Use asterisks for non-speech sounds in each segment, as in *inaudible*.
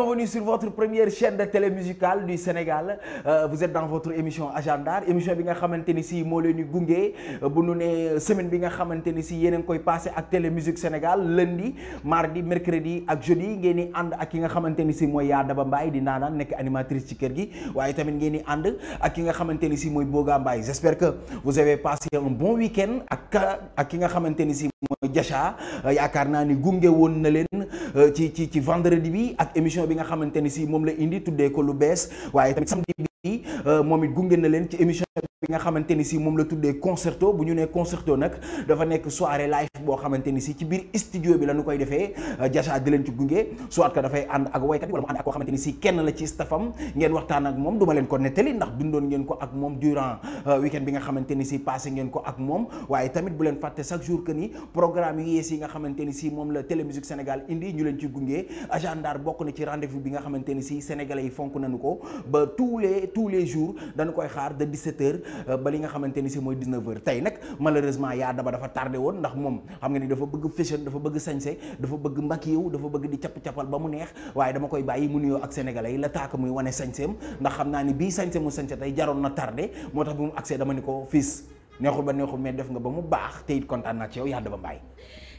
bienvenue sur votre première chaîne de télé musicale du Sénégal euh, vous êtes dans votre émission agenda. émission bi nga xamante moleni si moo leen di gunge euh, bu nu ne semaine bi nga xamante si yéen passé à télé musique Sénégal lundi mardi mercredi et jeudi ngeen and ànd ak ki nga xamante ni si mooy ya Daba Mbaye di nana. nekk animatrice ci Ouais, gi waaye tamit and à qui ak ki nga xamante si Boga j'espère que vous avez passé un bon week-end ak ak ki nga Diacha euh, yaakaar naa ni gunge woon na leen euh, ci ci ci vendredi bi ak émission bi nga xamante ni si moom la indi tuddee ko lu bees waaye tamit samedi bi euh, moom it gunge na leen ci émission bi nga xamanteni si mom la tuddé concerto bu ñu né concerto nak dafa nek soirée live bo xamanteni si ci biir studio bi la ñu koy defee Diacha di leen ci gunge soit da fay and ak waykat bi wala mu ànd ak koo xamante si kenn la ci staffam ngeen waxtaan ak mom duma leen ko nettali ndax dundoon ngeen ko ak mom durant euh, weekend bi nga xamanteni si passé ngeen ko ak mom waye tamit bu leen faté chaque jour que ni programme yu yees yi nga xamanteni si mom la Télémusique Sénégal indi ñu leen ci gunge agendar bokku na ci rendez-vous bi nga xamanteni si sénégalais yi fonku nañu ko ba tous les tous les jours dañ koy xaar de 17 h Euh, ba li nga xamante ni si mooy 19h tey nag malheureusement yaadama dafa tardé woon ndax moom xam nga ni dafa bëgg fashion dafa bëgg sañse dafa bëgg mbakiyewu dafa bëgg di capp-cappal ba mu neex waaye dama koy bàyyi mu nuyoo ak sénégalais la taaka muy wane sañseem ndax xam naa ni bii sañse mu sañse tey jaroon na tardé moo tax bi mu accès dama ni ko fils neexul ba neexul mais def nga ba mu baax tey it kontaan naa ci yow yaa daba mbaay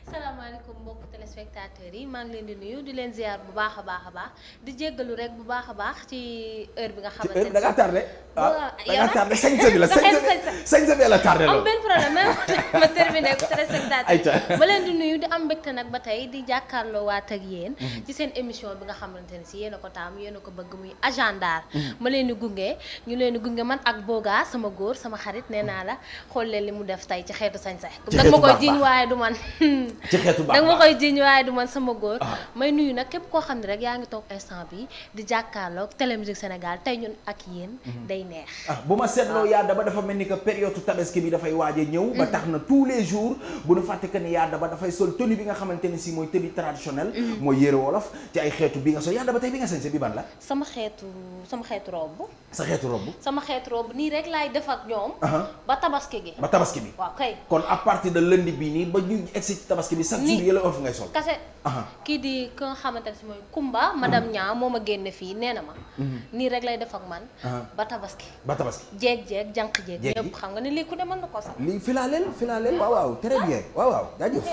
Assalamualaikum mbokk téléspectateurs yi maa ngi leen di nuyu di leen ziar bu baax a baax di jéggalu rek bu baax baax ci heure bi nga xamante da ngaa tardé ah, da ngaa tardé sañse bi la sañse *laughs* bi la tardé am problème *laughs* ma terminé ko téléspectateurs leen di nuyu di am mbégte nag ba di jàkkaarloo waat ak yéen mm-hmm. ci seen émission bi nga ko ko bëgg muy mm-hmm. ma leen di ñu leen di man ak Boga sama góor sama xarit nee la mm-hmm. xool leen li mu def tey ci xeetu ma koy du man *laughs* ci xeetu baax da nga ma koy jiñ waaye du man sama góor. Ah. may nuyu nag képp koo xam ne rek yaa ngi instant bi di jàkkaarloog Télé Musique Sénégal tey ñun ak yéen. Mhm. day neex. ah bu ma seetloo ah. yaa daba dafa mel que période tabaski bi dafay waaj a ñëw. ba mhm. tax tous les jours bu nu fàtte que ne yaa daba dafay sol tenue bi nga xamante ne si mooy tenue traditionnelle. Mhm. mooy yére wolof ci ay xeetu bi nga sol yaa daba tey bi nga sañse bi ban la. sama xeetu sama xeetu robe. sa xeetu robe. sama xeetu robe nii rek laay def ak ñoom. ba tabaski gi. ba tabaski bi waaw kay. kon à partir de lundi bi nii ba ñu egsi tabaski bi chaque jour yele off ngay sol kase ki di ko xamantene xamante Kumba madame nya moma ma fi fii ma ni rek lay def ak man ba tabaski ba tabaski jeg jeg jank jeg ñep xam nga ni li ku ne mën na ko sax lii filaaleel filaaleel waaw waaw très bien waaw waaw jaajëf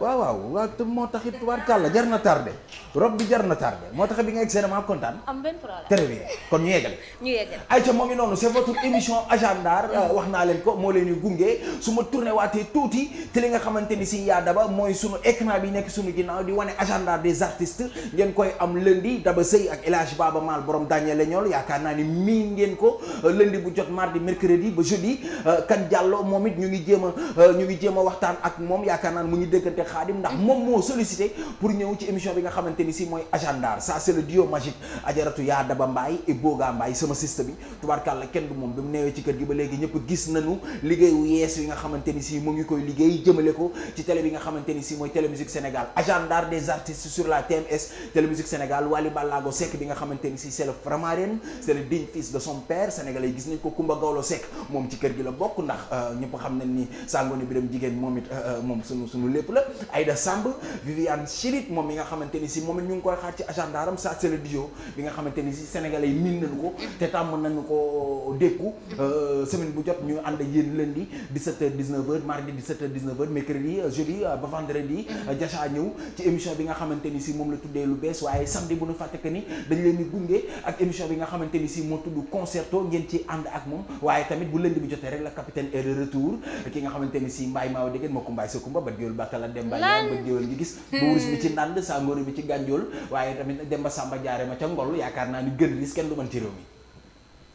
waaw waaw wa te moo tax it tubaarkàlla jar tardé rob bi jarna tardé moo tax bi nga egg ma contane am ben problème très bien kon ñu yeggale ya ñu yeggale ya ayca moo ngi nonu c'est votre émission agendar eh, waxna len ko mo leni gunge suma ma tourné waatee tuuti te li nga xamanteni ni si yaada daba moy sunu écran bi nek sunu ginnaw di wone agenda des artistes ngeen koy am lundi Daba Sey ak El Baba mal borom Daniel Leñol yaakaar ni ngeen y'a euh, ko lundi bu jot mardi mercredi ba jeudi euh, kan Diallo momit ñu ngi jema euh, ñu ngi jema waxtaan ak mom yaakaar naa mu ngi dëggante khadim ndax mom mo solliciter pour ñew ci émission bi nga xamanteni ci moy agenda ça c'est le duo magique ajaratu ya Daba mbay e Boga mbay sama sista bi tubaarkàlla kenn du mom bi mu ci kër gi ba léegi ñëpp gis nañu wu yes yi nga xamanteni ci mo ngi koy jëmele ko ci télé bi xamante ni si mooy télémusique Sénégal agenda des artistes sur la TMS télémusique Sénégal wali Ballago Seck bi nga xamante ni si c'est le Framaren c'est le digne fils de son père sénégalais gis nañ ko Kumba Gawlo Seck moom ci kër gi la bokk ndax euh, ñëpp xam nañ ni Sangoné Birame jigéen moom it euh, moom sunu sunu lépp la Aïda Samb Viviane Chidid moom mi nga xamante ni si moom it ñu ngi koy xaar ci agenda ram ça c'est le bio bi nga xamante ni si sénégalais yi miin nañu ko te tàmm nañu ko dékku euh, semaine bu jot ñu ànd yéen lundi 17h 19h mardi 17h 19h mercredi jeudi ba vendredi euh, Diacha ñëw ci émission bi nga xamante ni si moom la tuddee lu bees waaye samedi bu nu fàtte que ni dañ leen di gunge ak émission bi nga xamante ni si moo tudd concerto ngeen ci ànd ak moom waaye tamit bu lënd bi jotee rek la capitaine est de retour ki nga xamante si mbaay maaw déggeen moo ko mbaay sa kumba ba jóol bàkkala demba ñaan ba jóol ngi gis ba bi ci ndànd saa ngóor bi ci gànjool waaye tamit sàmba jaare ma ca ngol yaakaar naa ni gën ris kenn du man ci réew mi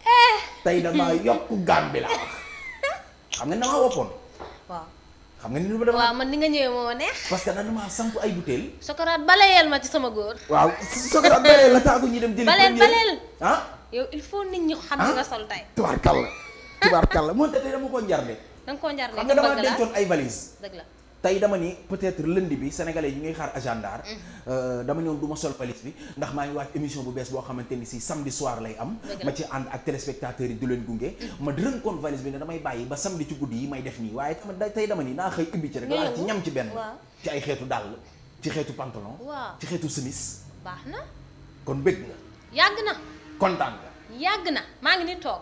eh. tey dama yokk gaan bi la wax xam nga dama woppoon xam nga ni lu ma demee waaw man ni nga ñëwee moo neex. parce que da damaa samp ay butéel. Sokaraat balayeel ma ci sama góor. waaw Sokaraat balayeel la taagu ñu dem. jëli balayeel balayeel ah. yow il faut nit ñi xam ah? nga sol tey. tubaarkàlla tubaarkàlla moom te tey dama koo njarde. da nga koo njarde xam nga dama dencoon ay valise dëgg tey dama ni peut-être lënd bi sénégalais yi ngay xaar agendar mm-hmm. euh, dama ñëwoon du ma sol valise bi ndax maa ngi waaj émission bu bees boo xamante ni si samedi soir lay am ma ci ànd ak téléspectateurs yi du leen gunge mm-hmm. ma rënkoon valise bi ne damay bàyyi ba samedi ci guddi yi may def nii waaye tey dama ni naa xëy ubbi ci rek laa ci ñam ci benn ci ay xeetu dàll ci xeetu pantalon ci xeetu simis baax na kon bëgg nga yàgg na kontaan nga yàgg na maa ngi ni toog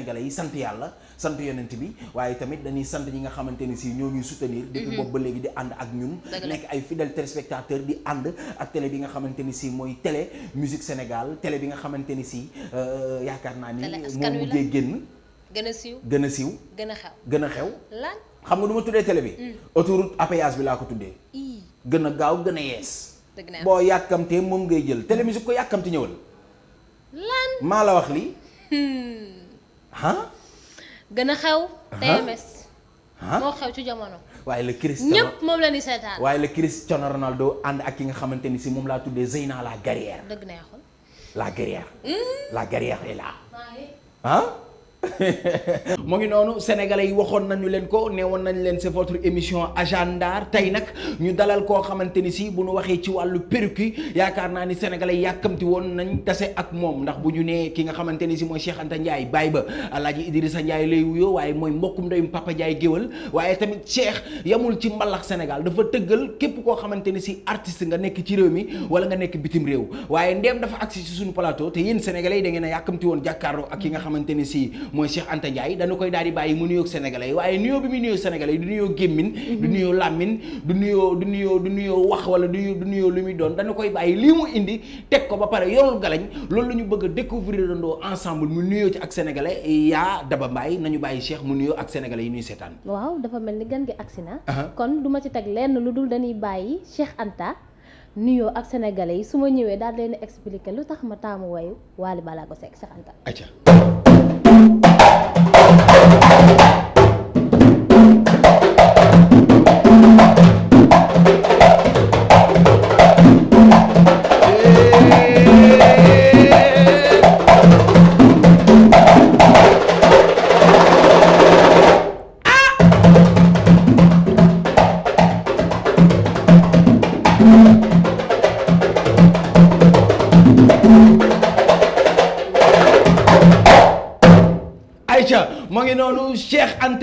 sénégalais yi sant yàlla sant yonent bi waaye tamit dañuy sant ñi nga xamante ni si ñoo ñuy soutenir mhm. depuis boobu ba léegi di ànd ak ñun nekk ay fidèles téléspectateurs di ànd ak télé bi nga xamante ni si mooy télé musique Sénégal télé bi nga xamante ni si euh, yaakaar naa ni moo mujjee génn gën a siiw gën a siiw gën a xew gën a xew xam nga du tuddee télé bi mm. autoroute à bi laa ko tuddee gën a gaaw gën a yees boo yàkkamtee moom ngay jël télé musique ko yàkkamti ñëwal maa la wax lii hmm. gën a xew. TMS. moo xew ci jamono. waaye le Cristiano ñëpp moom la ñuy seetaan. waaye le Cristiano Ronaldo ànd ak ki nga xamante ni si moom laa tuddee Zeyna la guerrière. dëgg neexul. la guerrière. Hmm? la guerrière est là. ah. *laughs* mu ngi noonu sénégalais yi waxoon nañu leen ko neewoon nañu leen se votre émission Agend'Art tey nag ñu dalal koo xamante ni si bu nu waxee ci wàllu perruque yaakaar naa ni sénégalais yi yàkkamti woon nañ tase ak moom ndax bu ñu nee ki nga xamante ni si mooy Cheikh Anta baay ba Alaaji Idrissa Ndiaye lay wuyoo waaye mooy mbokkum ndoyum Papa Ndiaye géwal waaye tamit Cheikh yamul ci mbalax Sénégal dafa tëggal képp koo xamante ni si artiste nga nekk ci réew mi wala nga nekk bitim réew waaye ndeem dafa ci suñu plateau te yéen sénégalais yi da ngeen yàkkamti woon jàkkaarloo ak ki nga xamante ni si mooy Cheikh Anta Ndiaye dañu koy daal di bàyyi mu nuyoog sénégalais yi waaye nuyoo bi muy nuyoo sénégalais yi du nuyoo gémmin du nuyoo làmmin du nuyoo du nuyoo du nuyoo wax wala du du nuyoo lu muy doon dañu koy bàyyi lii mu indi teg ko ba pare yorul galañ loolu la ñu bëgg a découvrir dandoo ensemble mu nuyoo ci ak sénégalais yaa Daba Mbaye nañu bàyyi Cheikh mu nuyoo ak sénégalais yi ñuy seetaan waaw dafa mel ni gan gi agsi na kon du ma ci teg lenn lu dul dañuy bàyyi Cheikh Anta nuyoo ak sénégalais yi su ma ñëwee daal leen lu tax ma taamu wayu Wally Ballago Seck Cheikh Anta Oh!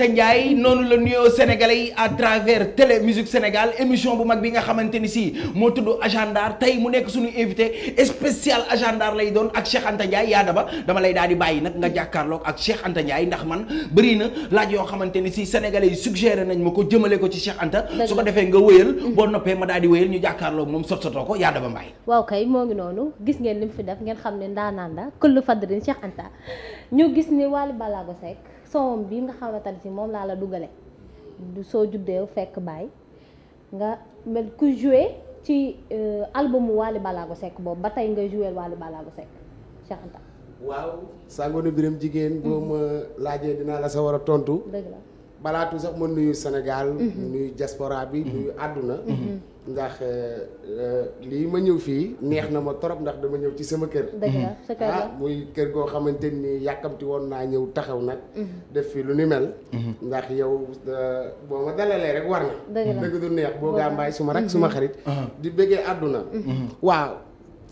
Anta Ndiaye noonu la nuyoo sénégalais yi à travers Télé Musique Sénégal émission bu mag bi nga xamante ni si moo tudd agendar tey mu nekk suñu invité spécial agendar lay doon ak Cheikh Anta yaada ba daba dama lay daal di bàyyi nag nga jàkkaarloog ak Cheikh Anta Ndiaye ndax man bëri na laaj yoo xamante ni si sénégalais yi suggéré nañ ma ko jëmale ko ci Cheikh Anta su ko defee nga wëyal boo noppee ma daal di wëyal ñu jàkkaarloog moom sot sotoo ko yaa daba mbaay waaw kay moo ngi noonu gis ngeen lim fi def ngeen xam ne ndaanaan la këllu fadrin Cheikh Anta ñu gis ni Wally Ballago Seck soowam bii nga xamante ne si moom laa la dugale du soo juddee fekk baay nga mel ku joué ci euh, albumu Wally ko sekk boobu ba tey nga joué Wally ko Seck Cheikh Anta. waaw Sangono Birame jigéen. boo mhm. ma laajee dinaa la sa war a tontu. dëgg la balaatu sax ma nuyu Sénégal. Mhm. nuyu diaspora bi mhm. nuyu àdduna. ndax euh, euh, lii ma ñëw fii neex na ma trop ndax dama ñëw ci sama kër. Mhm. ah muy kër goo xamante ni yàkkamti woon naa ñëw taxaw nag. Mhm. def fii lu ni mel. Mhm. ndax yow euh, boo ma dalalee rek war na. dëgg du neex boo gaa mbaay suma rak suma xarit. di bëggee àdduna. waaw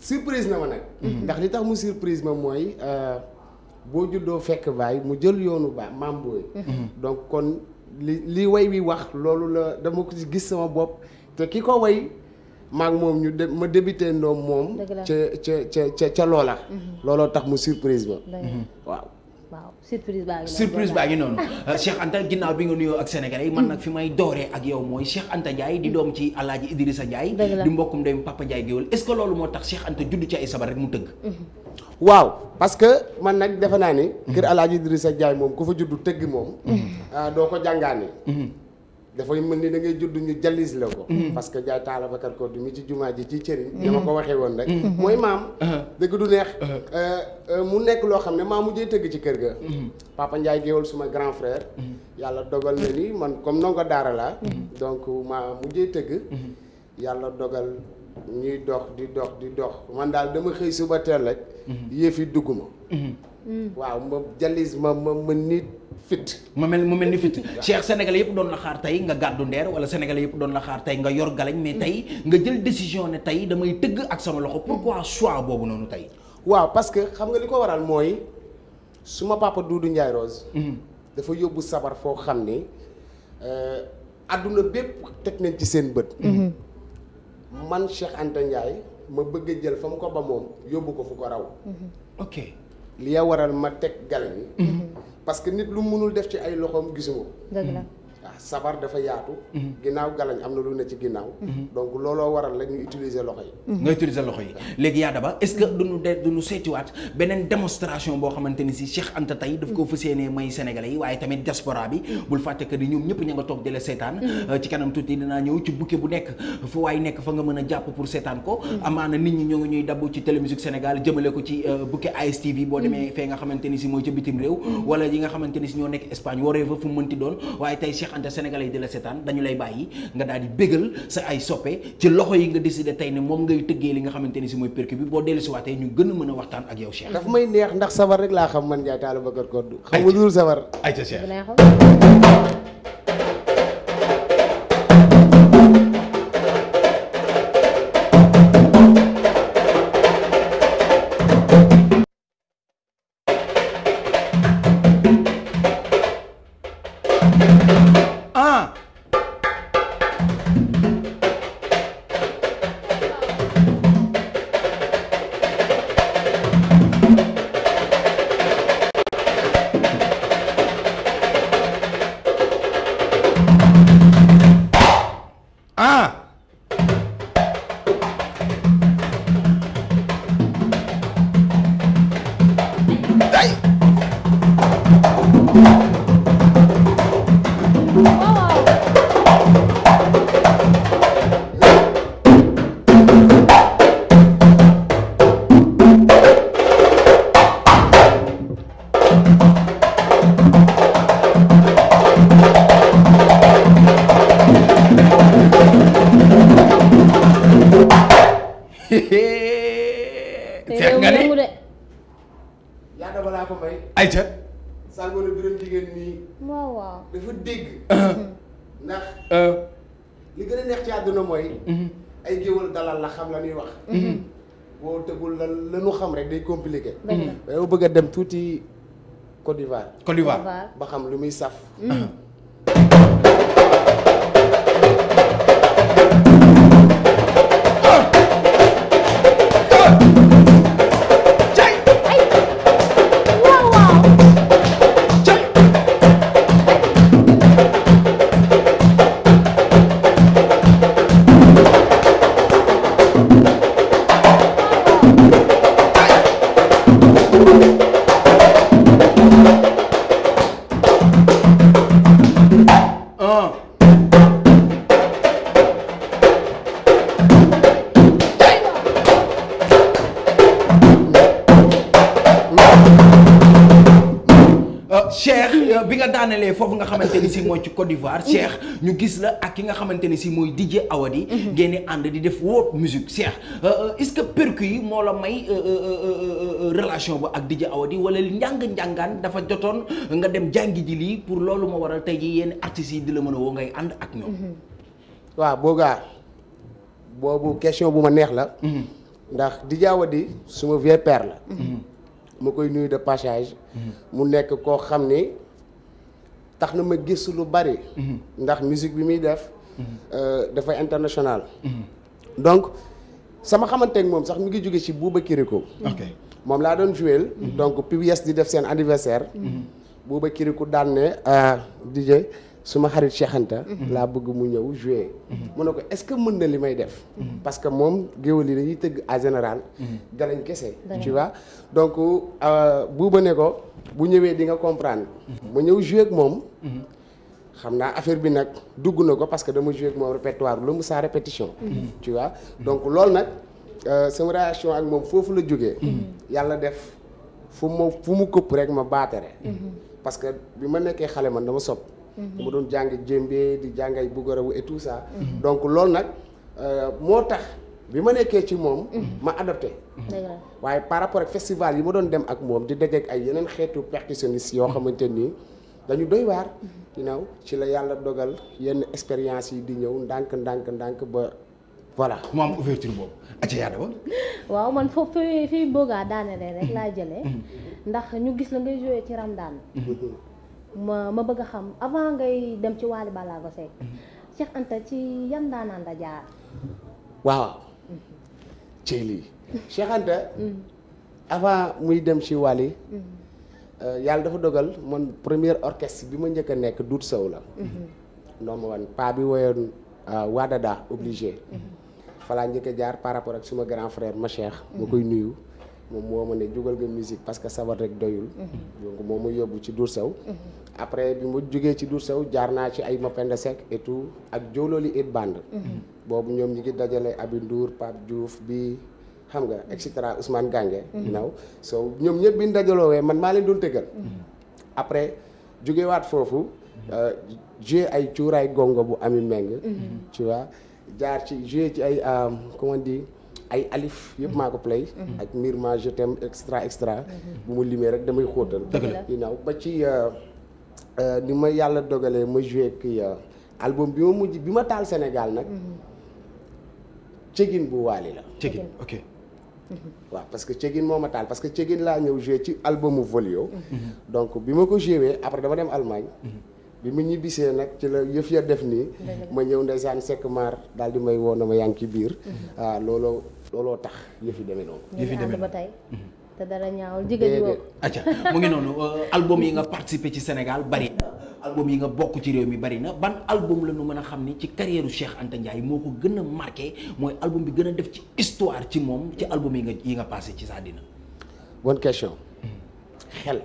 surprise na ma nag. ndax li tax mu surprise ma mooy boo juddoo fekk baay mu jël yoonu ba maam booy. donc kon li li way wi wax loolu la dama ko ci gis sama bopp. te ki ko way maak moom ñu de ma débuté ndoom moom ca ca ca ca loola mhm. looloo tax mu surprise ba mhm. waaw waaw surprise baa ngi noonu surprise baa ngi noonu euh, Cheikh Anta ginnaaw bi nga nuyoo ak sénégalais yi man nag fi may dooree ak yow mooy Cheikh Anta Ndiaye di doom ci Alaaji a Ndiaye di mbokkum de Papa Ndiaye géwél est que loolu moo tax Cheikh Anta judd ci ay sabar rek mu tëgg mhm. waaw parce que man nag defe naa ni kër Alaaji Idrissa Ndiaye moom ku fa juddu tëgg moom ah, doo ko jàngaani dafa mel ni da ngay judd ñu jallis la ko mm-hmm. parce que jaay taala ko du ci jumaa ji ci cëriñ dama mm-hmm. ko waxee woon rek mm-hmm. mooy maam uh-huh. dëgg du neex uh-huh. euh, euh, mu nekk loo xam ne maa mu jëy tëgg ci kër ga papa Ndiaye géewal suma grand frère yàlla dogal na ni man comme nongo daara la donc maam mu tëgg yàlla dogal ñuy dox di dox di dox man daal dama xëy suba teel rek yëf yi dugg ma mm. waaw ma jallis ma ma nit fit mu mel mu mel ni fit Cheikh sénégalais yëpp doon la xaar tey nga gàddu ndeer wala sénégalais yëpp doon la xaar tey nga yor galañ mais tey nga jël décision ne tey damay tëgg ak sama loxo pourquoi choix boobu noonu tey waaw parce que xam nga li ko waral mooy suma papa Doudou Ndiaye Rose mhm. dafa yóbbu sabar foo xam ni euh, adduna bépp teg nañ ci seen bët mhm. Mhm. man Cheikh Anta Ndiaye ma bëgg jël fa mu ko ba moom yóbbu ko fu ko raw ok li ya waral ma teg gale bi mm-hmm. parce que nit lu mënul def ci ay loxoom gisuma. dëgg la sabar dafa yaatu. Mhm. ginnaaw galañ am na lu ne ci ginnaaw. Mhm. donc looloo waral rek ñu loxo yi. Mhm. nga utiliser loxo yi léegi yaa daba est-ce que duñu de beneen démonstration boo xamante ni si Cheikh Anta tey ko fas yéenee may Sénégalais yi waaye tamit diaspora bi mm. bul fàtte que ni ñoom ñëpp ña nga toog di seetaan. Mm. Euh, ci kanam tuuti dinaa ñëw ci bouquet bu nekk fu waay nekk fa nga mën a jàpp pour seetaan ko. Mm. amaana nit ñi ñoo ngi ñuy dabb ci télémusique Sénégal te sénégalais yi di la seetaan dañu lay bàyyi nga daal di bégal sa ay soppe ci loxo yi nga décidé tey ne moom ngay tëggee li nga xamante ni si mooy percu bi boo dellu si waatee ñu gën a mën a waxtaan ak yow Cheikh. daf may neex ndax sabar rek laa xam man Ndiaye Talla Bakar Koddu. ayca xamul sabar. ayca Cheikh. wala biram jigéen nii. waaw waaw dafa dégg. *coughs* ndax. Euh. li gën a neex ci àdduna mooy. Mhm. ay géwël dalal la xam la ñuy wax. Mhm. boo tëggul la la ñu xam rek day compliqué. dëgg la mhm. bëgg a dem tuuti Côte d'Ivoire. Côte d'Ivoire ba xam lu muy saf. Uh-huh. xamante ni si mooy ci Côte d'Ivoire mhm. Cheikh ñu gis la ak ki nga xamante ni si mooy DJ Awadi mhm. ngeen and di def world music Cheikh euh, euh, est-ce que percu yi moo la may euh, relation ba ak DJ Awadi wala njàng ñangan dafa jotone nga dem jangi ji li pour lolu mo waral tay ji yenn artiste yi di la mën a ngay and ak ñoom mhm. waaw boogaa boobu question buma neex la ndax DJ Awadi suma vieux père la ma koy nuyu de passage mu nekk ko xam tax na ma gis lu bari. Mm-hmm. ndax musique bi muy def. Mm-hmm. Euh, dafa international. Mm-hmm. donc sama xamanteeg moom sax mu ngi jóge ci Bouba Kiriko. ok moom laa doon joué. donc PBS di def seen anniversaire. Bouba Kiriko daan ne euh, DJ suma xarit Cheikh laa bëgg mu ñëw joué. mu ne ko est-ce que mën na li may def. parce que moom géwël yi dañuy tëgg en général. galañ kese. tu donc euh, Bouba ne ko. bu ñëwee di nga comprendre. Mhm. ma ñëw joué ak moom. Mhm. xam naa affaire bi nag dugg na ko parce que dama joué ak moom répertoire lu mu sa répétition. Mhm. tu donc loolu nag euh, sama relation ak moom foofu la jógee. yàlla def fu ma fu mu këpp rek ma baatere. parce que bi ma nekkee xale man dama sopp mu doon jàng jémbe di jàng ay bugarawu et tout ça. donc loolu nag euh, moo tax. bi ma nekkee ci moom. Mm-hmm. ma adopté. Mm-hmm. waaye par rapport ak festival yi ma doon dem ak moom di dajeek ay yeneen xeetu percussionniste yoo xamante nii dañu doy waar. Mm-hmm. naw ci la yàlla dogal yenn expérience yi di ñëw ndànk ndànk ndànk ba voilà. mu am ouverture boobu aca yaa daba. *laughs* waaw man foofu fi fi boogaa daanelee rek laa jëlee. ndax ñu gis la ngay joué ci Ramadaan. ma ma bëgg a xam avant ngay dem ci Wally Ballago Seck. Cheikh Anta ci yan daanaan la jaar. waaw. ci lii Cheikh avant muy dem ci Wally euh, yàlla dafa dogal man première orchestre bi ma njëkk a nekk Doudou Sow la noonu woon pa bi woyoon euh, Wadada obligé falaa njëkk jaar par rapport ak suma grand frère ma Cheikh ma koy nuyu moom moo ma ne jugal nga musique parce que sabar rek doyul mhm. donc moo ma yóbbu ci Doudou Sow mhm. après bi mu jógee ci du sew jaar naa ci ay Mapenda Seck et tout ak jóolóoli it band mhm. boobu ñoom ñi ngi dajale Abi Ndour Pape bi xam nga et cetera Ousmane Gange mhm. naw soo ñoom ñëpp bi ñu dajaloowee man maa leen doon tëggal mhm. après jógewaat foofu euh, joué ay cuuraay gongo bu ami meng jaar ci joué ci ay euh, comment dire ay alif yëpp maa ko play ak Myrma je t'aime extra extra bu mu limee rek damay xóotal you know ba ci euh, Euh, ni ma yàlla dogalee ma joué kii euh, album bi ma mujj bi ma taal Sénégal nag. Mhm. cëgin bu waali la. cëgin ok. Mhm. waaw parce que cëgin moo ma taal parce que cëgin laa ñëw joué ci albumu Volio. Mhm. donc bi ma ko joué après dama dem Allemagne. bi mu ñibbisee nag ci la yëf ya def nii. ma ñëw ndeysaan sekk maar daal di may woo na ma yaa ci biir. Ah, looloo looloo tax yëf yi demee noonu. yëf yi noonu te dara ñaawul jigéen ñi acca mu ngi noonu euh, album yi nga participé ci Sénégal bari na album yi nga bokk ci réew mi bari na ban album la ñu mën a xam ni ci carrière Cheikh Anta Ndiaye moo ko gën a marqué mooy album bi gën a def ci histoire ci moom ci album yi nga yi nga passé ci sa dina question. xel.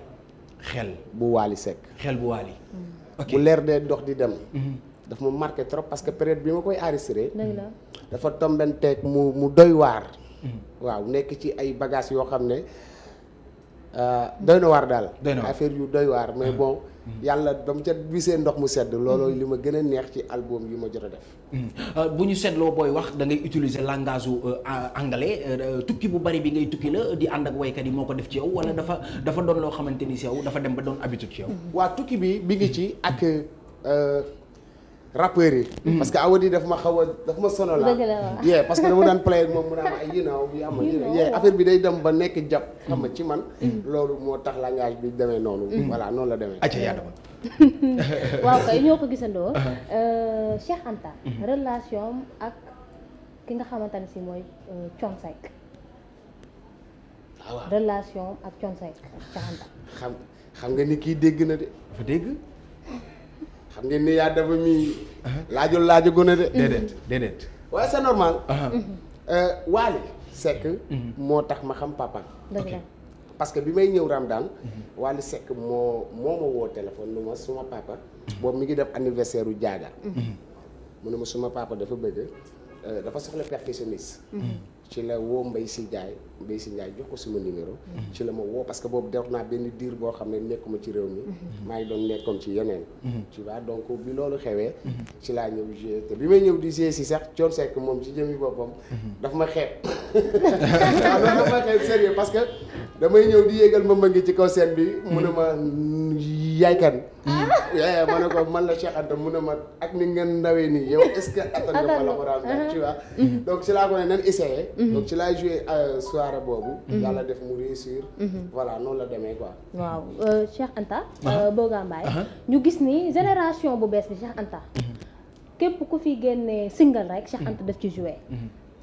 xel bu Waly Seck. xel bu Waly. Mm. ok bu leer dee dox di dem. Mm-hmm. daf ma marqué trop parce que période bi ma koy enregistré. dafa tombenteeg mu mu doy waar. Mm. waaw nekk ci ay bagages yoo xam ne euh, doy na waar daal. affaire yu doy waar mais mm. bon. Mm. yàlla dama ca gisee ndox mu sedd. loolooy li ma gën a neex ci album yi ma jot a def. Euh, bu ñu seetloo booy wax da ngay utiliser langage su euh, anglais tukki bu bari bi ngay tukki la di ànd ak waykat yi moo ko def ci yow wala dafa dafa doon loo xamante ni si yow dafa dem ba doon habitude ci yow. waa tukki bi bi ngi ci ak. rappeurs yi. Mhm. parce que Awadi daf ma xaw a daf ma sonal la. dëgg parce que dama daan play moom mu a ma ay you know yu am yeah affaire bi day dem ba nekk jàpp mhm. xam ma ci man. Mhm. loolu moo tax langage bi demee noonu. voilà noonu la demee. acca yaa demoon. *laughs* waaw kay ñoo ko gisandoo. Uh-huh. Euh, Cheikh relation ak ki nga xamante ne si mooy euh, Thione Seck. Ah, relation ak Thione Seck xam xam nga ni kii dégg na de. dafa dégg. xam ngeen ni yaa dafa mi laajul laaju gone de déedéet déedéet waaye c'est normal euh, Waly Seck mhm. moo tax ma xam papa parce que bi may ñëw Ramadan mhm. Waly Seck moo moo ma woo téléphone lu ma suma papa mhm. boobu mi ngi def anniversaire u jaaga mu ne ma suma papa dafa bëgg euh, dafa soxla percussionniste ci la woo mbay si Ndiaye Mbaye si Ndiaye jox ko suma numéro. Mhm. ci la ma woo parce que boobu def naa benn diir boo xam ne nekkuma ci réew mi. Mhm. maa ngi doon nekkoon ci yeneen. ci mhm. vois donc bi loolu xewee. ci laa ñëw joué e te bi may ñëw di joué si e sax Thione Seck moom ci jëmi boppam. dafa ma xeeb waaw *laughs* ma xeeb sérieux parce que damay ñëw di yéegal ma ma ci kaw scène bi. mu ne ma yaay kan ah ma ne ko man la Cheikh Anta mu ne ak ni ngeen ndawee nii yow est-ce ma la ko daal tu vois. donc ci laa ko ne nan donc ci laay joué euh, soirée boobu. yàlla def mu réussir. voilà noonu la demee quoi. waaw euh, Cheikh Anta. Euh, Boga ñu gis ni génération bu bees bi Cheikh Anta. képp ku fi génnee single rek Cheikh Anta ci joué.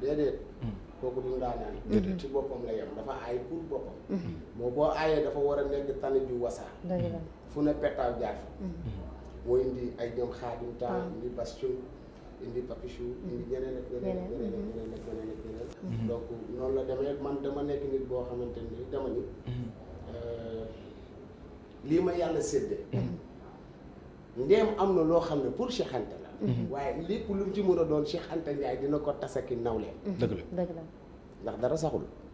déedéet hmm. kooku du ndaanaan ci boppam la yam dafa aay pour boppam hmm. moo aayee dafa war a nekk tali ju wasaa fu ne pettaaw jaar fa hmm. moo indi ay ñoom xaadim taal ah. indi bastion indi papichou indi ñeneen ak ñeneen ak ñeneen ak ñeneen ak donc noonu la demee man dama nekk nit boo xamante ni dama ni euh, lii ma yàlla sédde ndeem am na loo xam ne pour Cheikh Mhm. waaye lépp lu mu ci mën a doon Cheikh Anta Ndiaye dina ko tasaki nawleen mhm. dëgg la dëgg la ndax dara saxul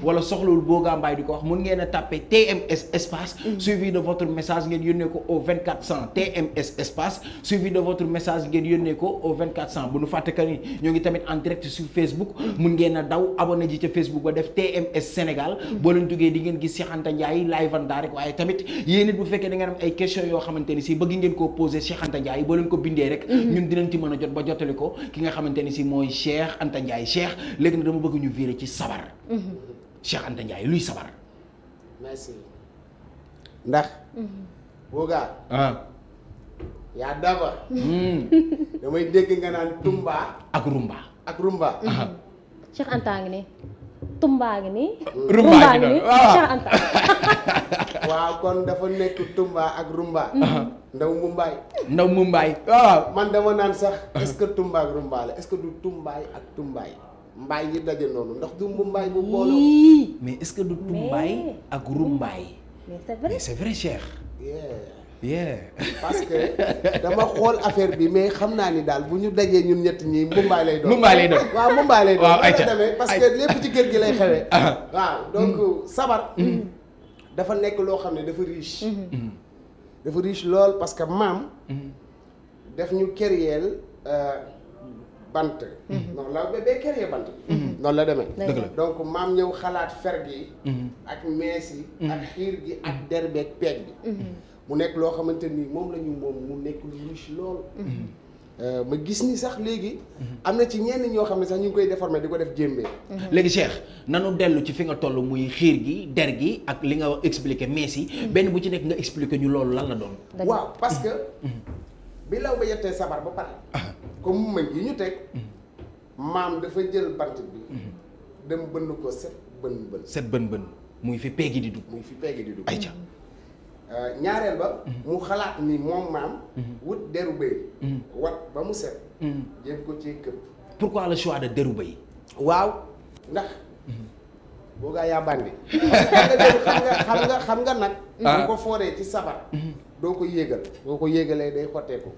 wala soxlawul Boga Mbaye di ko wax mun ngeena tapé TMS espace suivi de votre message ngeen yónnee ko au 2400 TMS espace suivi de votre message ngeen yónnee ko au 2400 bu nu faté ka ni ñoo ngi tamit en direct sur Facebook mm. mun ngeena daw abonné ji ci Facebook ba def TMS Sénégal mm. bo leen duggé di ngeen gis Cheikh Anta Ndiaye live en direct waye tamit yéen it bu féké da ngeen am ay questions yo xamanteni si bëgg ngeen ko poser Cheikh Anta Ndiaye boo leen ko bindé rek mm-hmm. ñun dinañ ci mëna jot ba jottali ko ki nga xamanteni si moy Cheikh Anta Ndiaye Cheikh légui na dama bëgg ñu viré ci sabar mm-hmm. Cheikh Anta Ndiaye luy sabar. merci. ndax. Mhm. Bouga. ah. ya daba. Hmm. *laughs* damay deg nga nan Tumba. ak Rumba. ak Rumba. Mhm. Cheikh Anta ngi Tumba ngi Tumba Rumba ngi ni Cheikh ah. Anta. *laughs* waaw kon dafa nek Tumba ak Rumba. Mhm. ndaw Mumbai. ndaw mumbai waaw ah. man dama nan sax est-ce Tumba ak Rumba la est-ce du tumbay ak tumbay mbaay yi daje noonu ndax du mbaay bu booloo mais est-ce que du tumbaay ak rumbaay mais c'est vrai c'est vrai Cheikh yeah parce que dama xool affaire bi mais xam naa ni daal bu ñu dajee ñun ñett ñi mumbaay lay doon mumbaay lay doon waaw mumbaay lay doon waaw ayca demee parce que lépp ci kër gi lay xewee ah. waaw donc mm. sabar mm. dafa nekk loo xam ne dafa riche mm-hmm. mm. dafa riche lool parce que maam def ñu këriyeel euh, bant mhm. non la bébé créé bant mhm. non la démé donc mam ñëw xalaat fer gi mhm. ak messi ak xir gi ak derbeeg peeg bi mu nekk lo xamanteni mom lañu mom mu nekk lu riche lool euh ma gis ni sax légui amna ci ñenn ñoo xamné sax ñu ngi koy déformer diko def jémbee légui Cheikh nanu dellu ci fi nga tollu muy xir gi der gi ak li nga expliquer messi ben bu ci nekk nga expliquer ñu lool lan la doon waaw parce que bi law ba yettee sabar ba pare comme mën yi ñu teg mhm. maam dafa jël bant bi mhm. dem bënn ko set bën bën set bën bën muy fi peegi di dugg muy fi peegi di dugg ay ca euh, ñaareel ba mhm. mu xalaat ni moom maam wut deru bëy wat ba mu set jéem ko ci këpp pourquoi le choix de deru bëy waaw ndax boogaa yaa bàndi *laughs* xam nga xam nga xam nga nag bu ah. ko fooree ci sabar doo ko yéegal boo ko yéegalee day xotteeku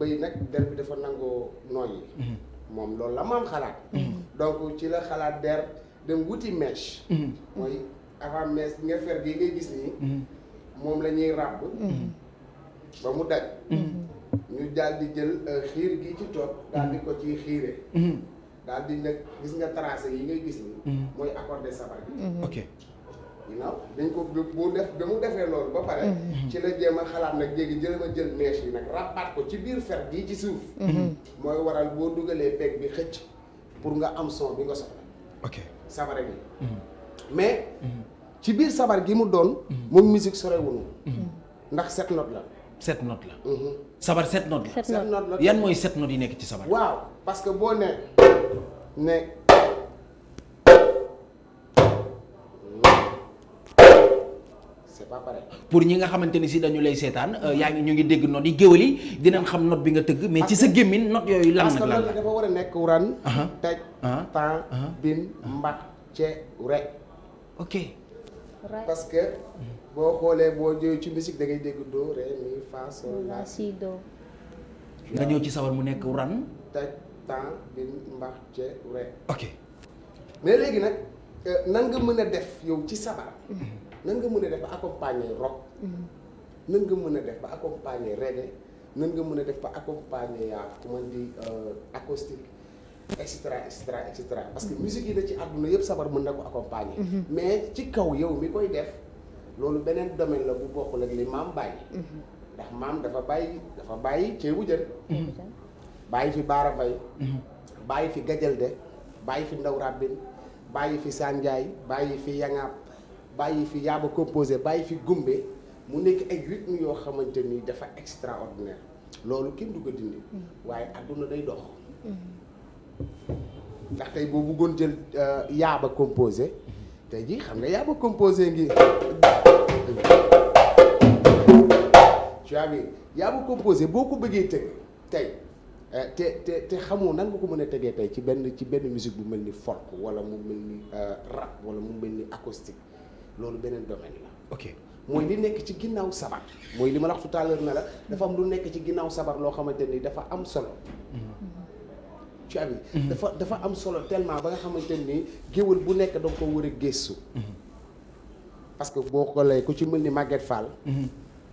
bëy nag der bi dafa nangoo nooyi mhm. moom loolu la maam xalaat mhm. donc ci la xalaat der dem wuti mèche mhm. mooy avant mèche nga fer gi ngay gis nii moom la ñuy ràbb ba mu daj ñu daal di jël euh, xiir gi ci toog daal ko ci xiire daal di nag gis nga tracé yi ngay gis nii mooy accordé sabar bi ok ginnaaw dañ ko bu def ba mu defee loolu ba pare mhm. ci la jéem a xalaat nag jéegi jëlema jël mèche yi nag ràppaat ko ci biir fer gii ci suuf mhm. mooy waral boo dugalee peeg bi xëcc pour nga am son bi nga soxla ok sabare gi mhm. mais ci biir sabar gi mu doon moom musique sorewunu ndax sept notes la sept not la sabar sept notes la sept notes la yan mooy sept notes yi nekk ci sabar waaw parce que boo ne ne pour ñi nga xamante ni si dañu lay seetaan euh, yaa ngi ñu ngi dégg not yi géwël yi dinañ xam not bi nga tëgg mais ci sa gémmin not yooyu lan nag la dafa war a nekk ran taj tan bin parce que boo xoolee boo ñëwee ci musique da ngay dégg ci sawar mu nekk ran taj tan nag euh, nan nga mën a def yow ci sabar mm-hmm. nan nga mën a def ba accompagner rock nan nga mën a def ba accompagner reggae nan nga mën a def ba accompagner ah, comment di euh, acoustique et cetera et cetera parce que musique yi da ci àdduna yëpp sabar mën na ko accompagner mm-hmm. mais ci kaw yow mi koy def loolu beneen domaine la bu bokkul ak li maam bàyyi mm-hmm. ndax maam dafa bàyyi dafa bàyyi ceebu jën bàyyi fi baara bay mm-hmm. bàyyi fi gajalde bàyyi fi ndaw ràbbin bàyyi fi sànjaay bàyyi fi yangaab bàyyi fi yaaba composé bàyyi fi gumbe mu nek ay rythme yo xamanteni dafa extraordinaire lolou kenn du ko dindi mm. waaye àdduna day dox mm. ndax tay bo bëggon jël euh, yaaba composé tay ji xam nga yaaba composé ngi tu as vu yaaba composé boo bëggé bëggee tay té euh, té té xamou nan nga ko mëna a tay ci ben ci ben musique bu melni folk wala mu melni euh, rap wala mu melni ni acoustique loolu beneen domaine la. ok mooy li nekk ci ginnaaw sabar mooy li ma la wax tout na l'heure la dafa am lu nekk ci ginnaaw sabar loo xamante ni dafa am solo. Mm-hmm. tu as vu. Mm-hmm. am solo tellement ba nga xamante ni géwél bu nekk da ko war a gëstu. Mm-hmm. parce que boo ko lay ku ci mel ni Maguette Fall.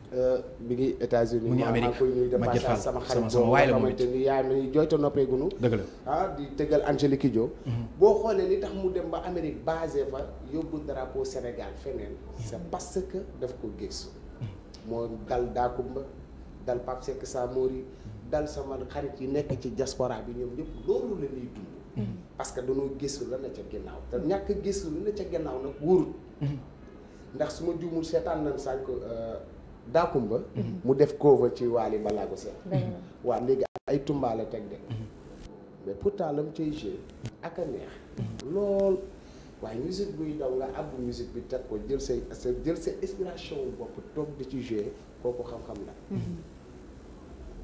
bi euh, ngi États-Unis mu ngi Amérique ma jëfal sama xarit sama waay la moom it ni yaay ma ni jooyta noppeegunu dëgg la ah di tëggal mhm. boo xoolee li tax mu dem ba Amérique baase fa yóbbu drapeau Sénégal feneen c'est parce que daf ko gëstu mhm. moo dal Dakumba dal Pape Seck Samori dal sama xarit yi nekk ci diaspora bi ñoom ñëpp loolu la ñuy mhm. parce que dañoo gëstu la na ca ginnaaw te ñàkk gëstu la na ca ginnaaw nag wóorut ndax su ma juumul seetaan nañ sànq euh, Dakumba mu def cover ci wali balago Seck wa léegi ay Tumba la teg de mais pourtant lam cey joué ak a neex lool waaye musique buy daw nga àbb musique bi tek ko jël say jël say inspiration bopp toog di ci joué kooku xam-xam la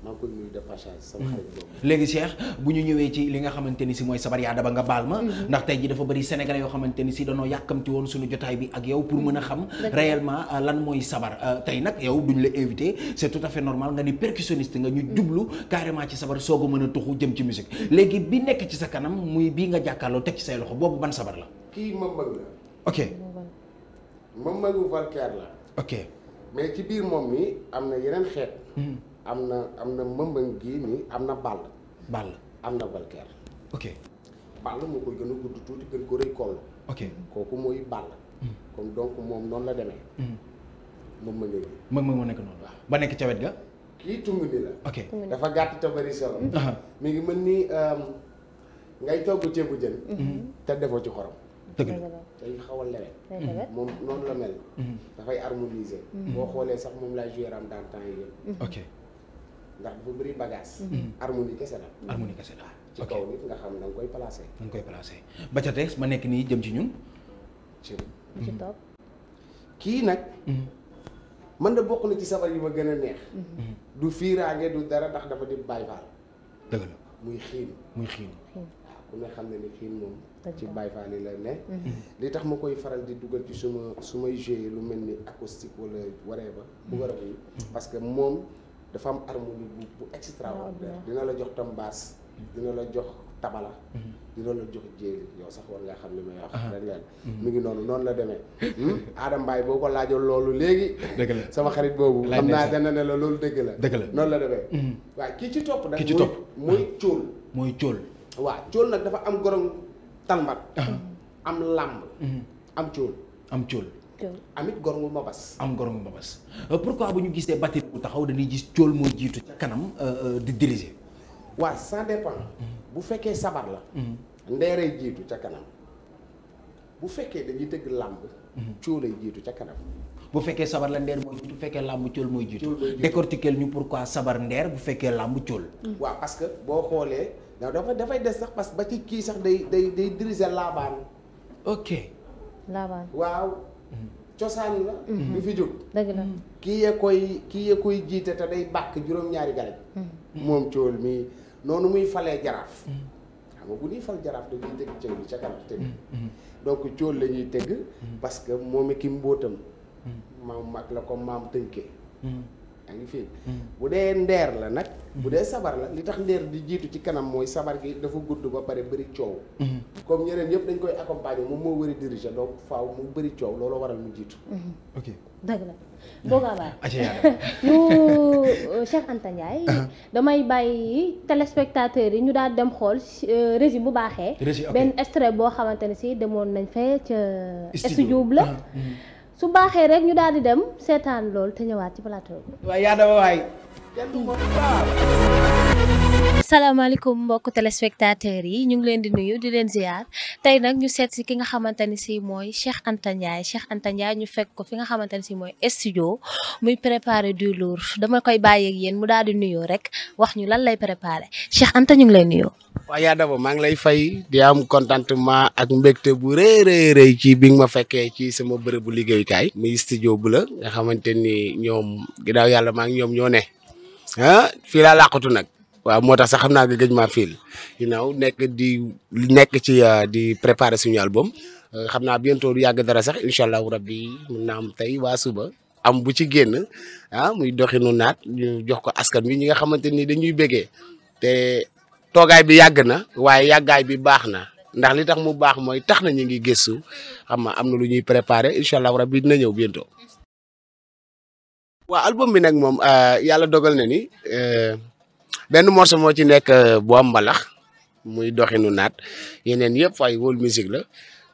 maa ngi koy nuyu de passage sama mm-hmm. xarit boobu léegi Cheikh bu ñu ñëwee ci li nga xamante ni si mooy sabar yaa daba nga baal ma mm-hmm. ndax tey ji dafa bëri sénégalais yoo xamante ni si danoo yàkkamti woon suñu jotaay bi ak yow pour mën a xam mm-hmm. réellement euh, lan mooy sabar euh, tey nag yow duñ la invité c'est tout à fait normal nga ni percussionniste nga ñu jublu carrément ci sabar soog a mën a tuxu jëm ci musique léegi bi nekk ci sa kanam muy bii nga jàkkaarloo teg ci say loxo boobu ban sabar la kii Mamadou la ok Mamadou Valcaire la am na am na mëmbën gii nii am na bàll. bàll am na walkeer. ok bàll moo koy gën gudd tuuti gën ko rëy koll. ok kooku mooy bàll. comme donc moom noonu la deme moom ma nekk. moom moo nekk noonu. waaw ba nekk ca wet ga. kii tung ni la. ok dafa gàtt te bari solo. mi ngi mën nii um, ngay togg ceebu jën. Hmm. Hmm. te defoo ci xorom. dëgg la day xaw a lewet. Hmm. moom noonu la mel. dafay harmoniser. boo xoolee sax moom laa joué ram dans temps yi yëpp. ok. ndax dafa bëri bagage. harmonie kese la. harmonie kese la ci kaw nit nga xam na nga koy placé. na koy placer ba ca tey ma nekk ni jëm ci ñun. ci ci topp. kii man da bokku na ci sabar yi ma gëna neex. du fiiraange du dara ndax dafa di Baay Faal. la muy xiin. muy xiin ku ne xam na ni xiin mom ci Baay la ne. li tax ma koy faral di duggal ci suma suma jeu lu melni ni acoustique wala bu gëra bu parce que dafa am harmonie bu bu extraordinaire ah, dina la jox tambaas mm-hmm. dina la jox tabala mm-hmm. dina la jox jéeri yow sax war ngaa xam li may wax rek ah, leen mm-hmm. mu ngi noonu noonu la demee hmm? Adama Mbaye boo ko laajoon loolu léegi dëgg la sama xarit boobu xam naa dana ne la loolu dëgg la dëgg la noonu la demee waaw kii ci topp nag ci topp mooy cóol mooy cóol ah. waaw cóol nag dafa am gorong talmat am làmb am cóol am cóol amit gor ma mabas am gor ngu mabas euh, pourquoi bu ñu gisee bâti bu taxaw dañuy gis cool mooy jiitu ca kanam euh, euh, di diriger waaw ça dépend bu fekkee sabar la mhm. ndeeree jiitu ca kanam bu fekkee dañuy tëgg làmb mhm. coolay jiitu ca kanam bu fekkee sabar la ndeer mooy jiitu bu fekkee làmb cool mooy jiitu décortiquer ñu pourquoi sabar ndeer bu fekkee làmb cool mhm. waaw parce que boo xoolee ndax dafa dafay des sax parce que ba ci kii sax day day day diriger laabaan ok laabaan waaw Mm-hmm. cosaan la mm-hmm. du fi jóg dëgg la mm-hmm. kii yee koy kii yee koy jiite te day bàkk juróom-ñaari garab moom cool mi noonu muy falee jaraaf xam nga bu ñuy fal jaraaf dañuy tëgg cëw li ca kanam tëgg donc cool la tëgg parce que moom ki mbóotam maam mag la ko maam tënkee yaa ngi fii hmm. bu dee ndeer la nag hmm. bu dee sabar la li tax ndeer di jiitu ci kanam mooy sabar gi dafa gudd ba pare bëri coow hmm. comme yeneen yëpp dañ koy accompagner moom moo war a diriger donc faaw mu bëri coow loolu waral mu jiitu ok dëgg la boogaabaa ñu *laughs* euh, Cheikh Anta Ndiaye uh-huh. damay bàyyi téléspectateurs yi ñu daal dem xool euh, régie bu baaxee benn extrait boo xamante ne si nañ fee ca studio la su baxé rek ñu daal di dem sétane lool té ñëwaat ci plateau wa ya da dama waay. salaamaaleykum mbokk téléspectateurs yi ñu ngi leen di nuyu di leen ziar tay nak ñu sét si ki nga xamanteni ci si Cheikh Anta Ndiaye Cheikh Anta Ndiaye ñu fekk ko fi nga xamanteni ci si studio muy préparer du lourd dama koy baye ak yeen mu daal di nuyu rek wax ñu lan lay préparer Cheikh Anta ñu ngi lay nuyu waaw yaa daba maa ngi lay fay di am contentement ak mbégte bu rëy rëy ci bi nga ma fekkee ci sama bërëbu liggéeyukaay muy studio bu la nga xamante ni ñoom ginnaaw yàlla maa ngi ñoom ñoo ne ah fii laa làqatu nag waaw moo tax sax xam naa nga gëj maa fiil you know nekk di nekk ci ah, di préparer suñu album ah, xam naa bientôt du yàgg dara sax incha allahu rabbi mu naa am tey waa suba am bu ci génn ah muy doxinu naat jox ko askan wi ñi nga xamante ni dañuy bégee te toogaay bi yàgg na waaye yàggaay bi baax na ndax li tax mu baax mooy tax na ñu ngi gëstu xam nga am na lu ñuy préparé incha allah rabi dina ñëw bientôt. waaw albom bi nag moom euh, yàlla dogal na ni euh, benn morceau moo ci nekk euh, bu am mbalax muy doxinu naat yeneen yëpp fay wol musique la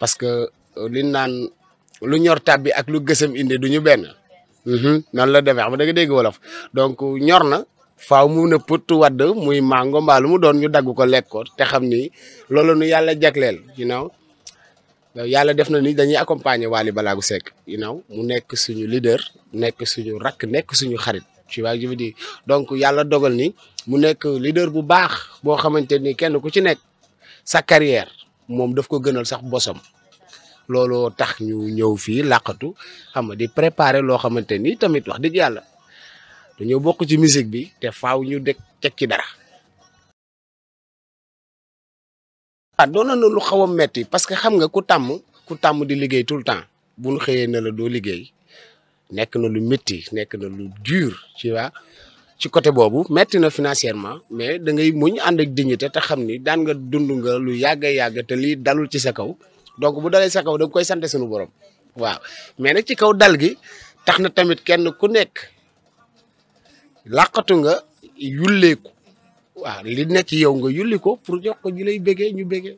parce que li naan lu ñor tab bi ak lu gësam indi du ñu benn. Mhm, noonu la demee xam nga da wolof donc ñor na faaw mu ne put wad muy mango mbal lu mu doon ñu dagg ko lekk te xamni ni loolu nu yàlla you know yalla def na ni dañuy accompagner Wally Balago sek you know mu nekk suñu leader nekk suñu rak, nekk suñu xarit ci wa je di donc yalla dogal ni mu nekk leader bu baax bo xamanteni kenn ku ci nekk sa carrière mom daf ko gënal sax bosam looloo tax ñu ñëw fi laqatu xam nga di préparer lo xamanteni tamit wax di yalla dañu bokku ci musique bi te faaw ñu dek tek ci dara ah doona na lu xawa metti parce que xam nga ku tam ku tam di liggéey tout temps bu ñu xeyé na la doo liggéey nek na lu metti nek na lu dur ci wa ci côté bobu metti na financièrement mais da ngay muñ and ak dignité té xam ni daan nga dund nga lu yàgg yàgg te li dalul ci sa kaw donc bu dalé sa kaw da koy santé suñu borom waaw mais nak ci kaw dal gi taxna tamit kenn ku nek làqatu nga yulleeku waaw li ne ci yow nga yulli ko pour jox ko ñu lay bégee ñu bégee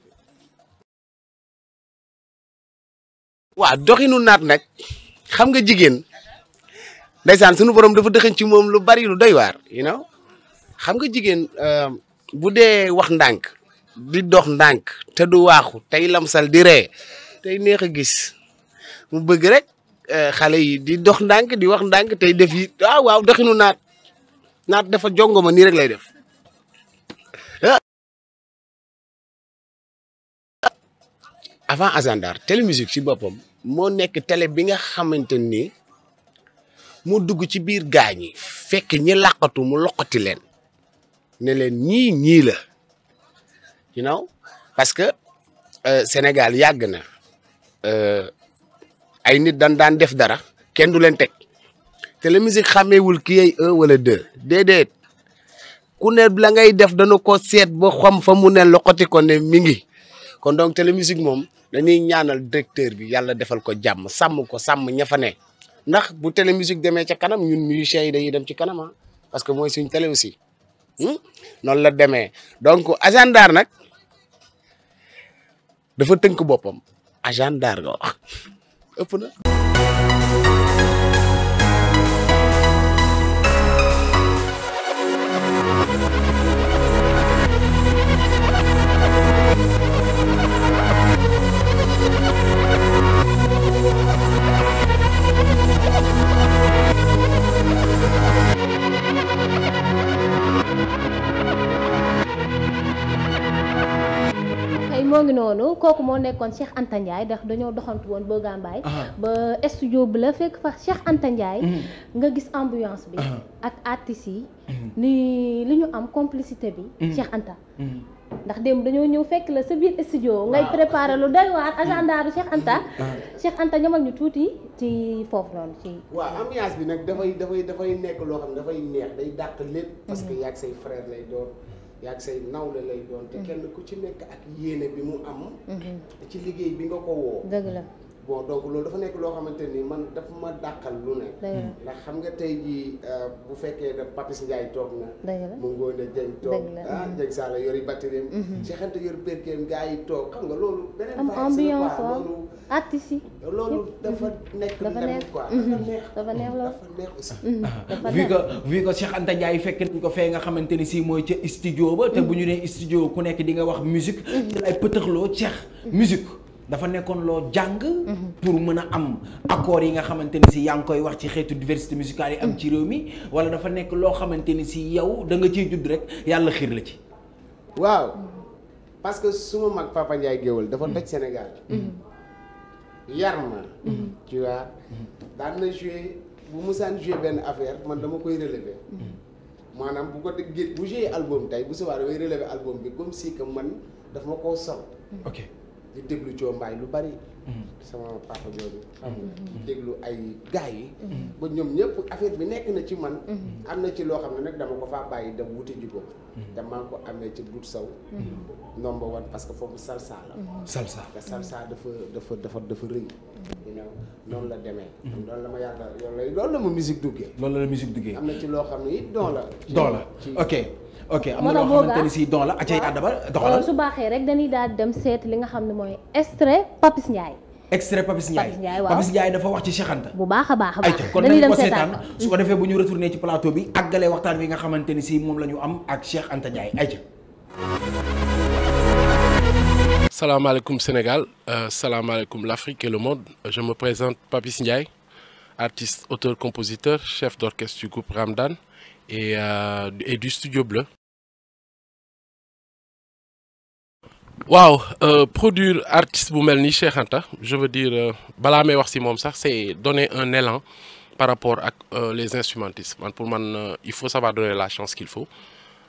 waaw doxinu naat nag xam nga jigéen ndaysaan sunu borom dafa dëxañ ci moom lu bari lu doy waar xam nga jigéen euh, bu dee wax ndànk di dox ndànk te du waaxu tey lamsal di ree tey neex a gis mu bëgg rek euh, xale yi di dox ndànk di wax ndànk tey def yi doxinu naat naat dafa jongoma nii rek lay def eh. avant Agend'Art Télé ci boppam moo nekk télé bi nga xamante ni mu dugg ci biir gaa ñi fekk ñi làqatu mu loqati leen ne leen ñii ñii la you parce que euh, Sénégal yàgg na euh, ay nit dañ daan def dara kenn du leen teg te la musique xàmmeewul ki wala deux déedéet ku ne la ngay def dana ko seet ba xam fa mu ne lokoti ko ne mi ngi kon donc télé musique moom dañuy ñaanal directeur bi yàlla defal ko jàmm sàmm ko sàmm ña fa ne ndax bu télé musique demee ca kanam ñun musiciens yi dañuy dem ci kanam ah, parce que mooy suñ télé aussi hmm? noonu la demee donc Agent Dar nag dafa tënk boppam Agent Dar nga wax *laughs* moo ngi noonu kooku moo nekkoon Cheikh Anta Ndiaye ndax dañoo doxantu won bo gambay ba studio bi la fekk fa Cheikh Anta Ndiaye mhm. nga gis ambiance bi ak artiste yi mhm. ni liñu am complicité bi mhm. Cheikh Anta ndax dem dañoo ñew fekk la sa biir studio ngay préparer lu doy waat agenda du Cheikh Anta Cheikh Anta ñamal ñu tuti ci foofu non ci wa ambiance bi nak da fay da fay da fay nekk lo xam da fay neex day dakk lepp parce que yak say frère lay doon yaag say nawle lay doon te mm. kenn ku ci nekk ak yéene bi mu am mm-hmm. ci liggéey bi nga ko woo dëgg bon donc loolu dafa nekk loo xamante ni man daf ma dàqal lu ne ndax xam nga tey jii euh, bu fekkee da Papis Ndiaye toog na mu ngoone Jeng toog ah Jeng mm-hmm. Saala yori batterim mm-hmm. ci xante yori berkeem gars yi toog xam nga loolu beneen ambiance loolu artiste loolu dafa mm-hmm. nekk lu neex quoi dafa neex loolu dafa neex aussi ah. vu que vu que Cheikh Anta Ndiaye fekk nañ ko fee nga xamante ni si mooy ca studio ba te bu ñu nee studio ku nekk di nga wax musique ay pëtëxloo Cheikh musique dafa nekkoon lo jang mhm. pour meuna am accord yi nga xamanteni ci yang koy wax ci xéetu diversité musicale am mhm. ci réew mi wala dafa nekk lo xamanteni ci yow da nga ci judd rek yalla xir la ci. waaw mhm. parce que suma mag Papa ndjay Géwël dafa toj Sénégal. yarma ma. tu vois dans le jeu bu musane joué ben affaire man dama koy relever. manam bu ko bu joué album tay bu subaa way relever album bi comme si que man daf ma sol. di déglu coo mbaay lu bari. Mm-hmm. sama papa jooju mm-hmm. xam nga déglu ay gars yi. Mm-hmm. ba ñoom ñëpp affaire bi nekk na ci man. am na ci loo xam ne nag dama ko faa bàyyi dem wuti ji ko. te maa ko amee ci dut saw. number one parce que foofu salsa la. salsa te salsa dafa dafa dafa dafa rëy. noonu la demee. loolu la ma yàlla loolu la ma musique duggee. loolu la musique duggee. am na ci loo xam ne it don la. don la ok. ok amna na loo xamante don la acca adaba doxal doxalal su baaxee rek dañuy daal dem sét li nga xamné moy extrait Papis Ndiaye extrait Papis Ndiaye Papis Ndiaye dafa wax ci Cheikh Anta bu baax a baax a baax kon nañ ko seetaan su ko défé bu ñu retourner ci plateau bi agalé waxtaan wi nga xamante ni mom lañu am ak Cheikh Anta Ndiaye ayca salaamaaleykum Sénégal euh, salaamaaleykum l'Afrique et le monde je me présente Papis Ndiaye artiste auteur compositeur chef d'orchestre du groupe Ramdan euh, et, du Studio Bleu. Wow euh, produire artiste je veux dire euh, c'est donner un élan par rapport à les instrumentistes pour man il faut savoir donner la chance qu'il faut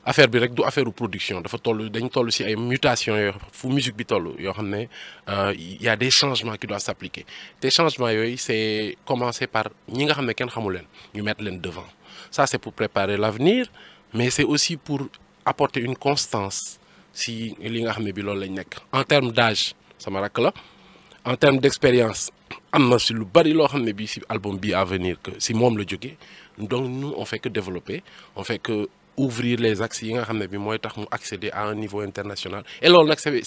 affaire bi rek du production Il faut dañ une il mutations musique il y a des changements qui doivent s'appliquer Des changements c'est commencer par ñi mettre devant ça, c'est pour préparer l'avenir, mais c'est aussi pour apporter une constance si li nga xam ne bi lañ en termes d'âge sama m'a la en termes d'expérience am na si lu bari loo xam bi si album bi à venir que si moom le donc nous on fait que développer on fait que ouvrir les axes yi nga xam ne bi mooy tax accéder à un niveau international et là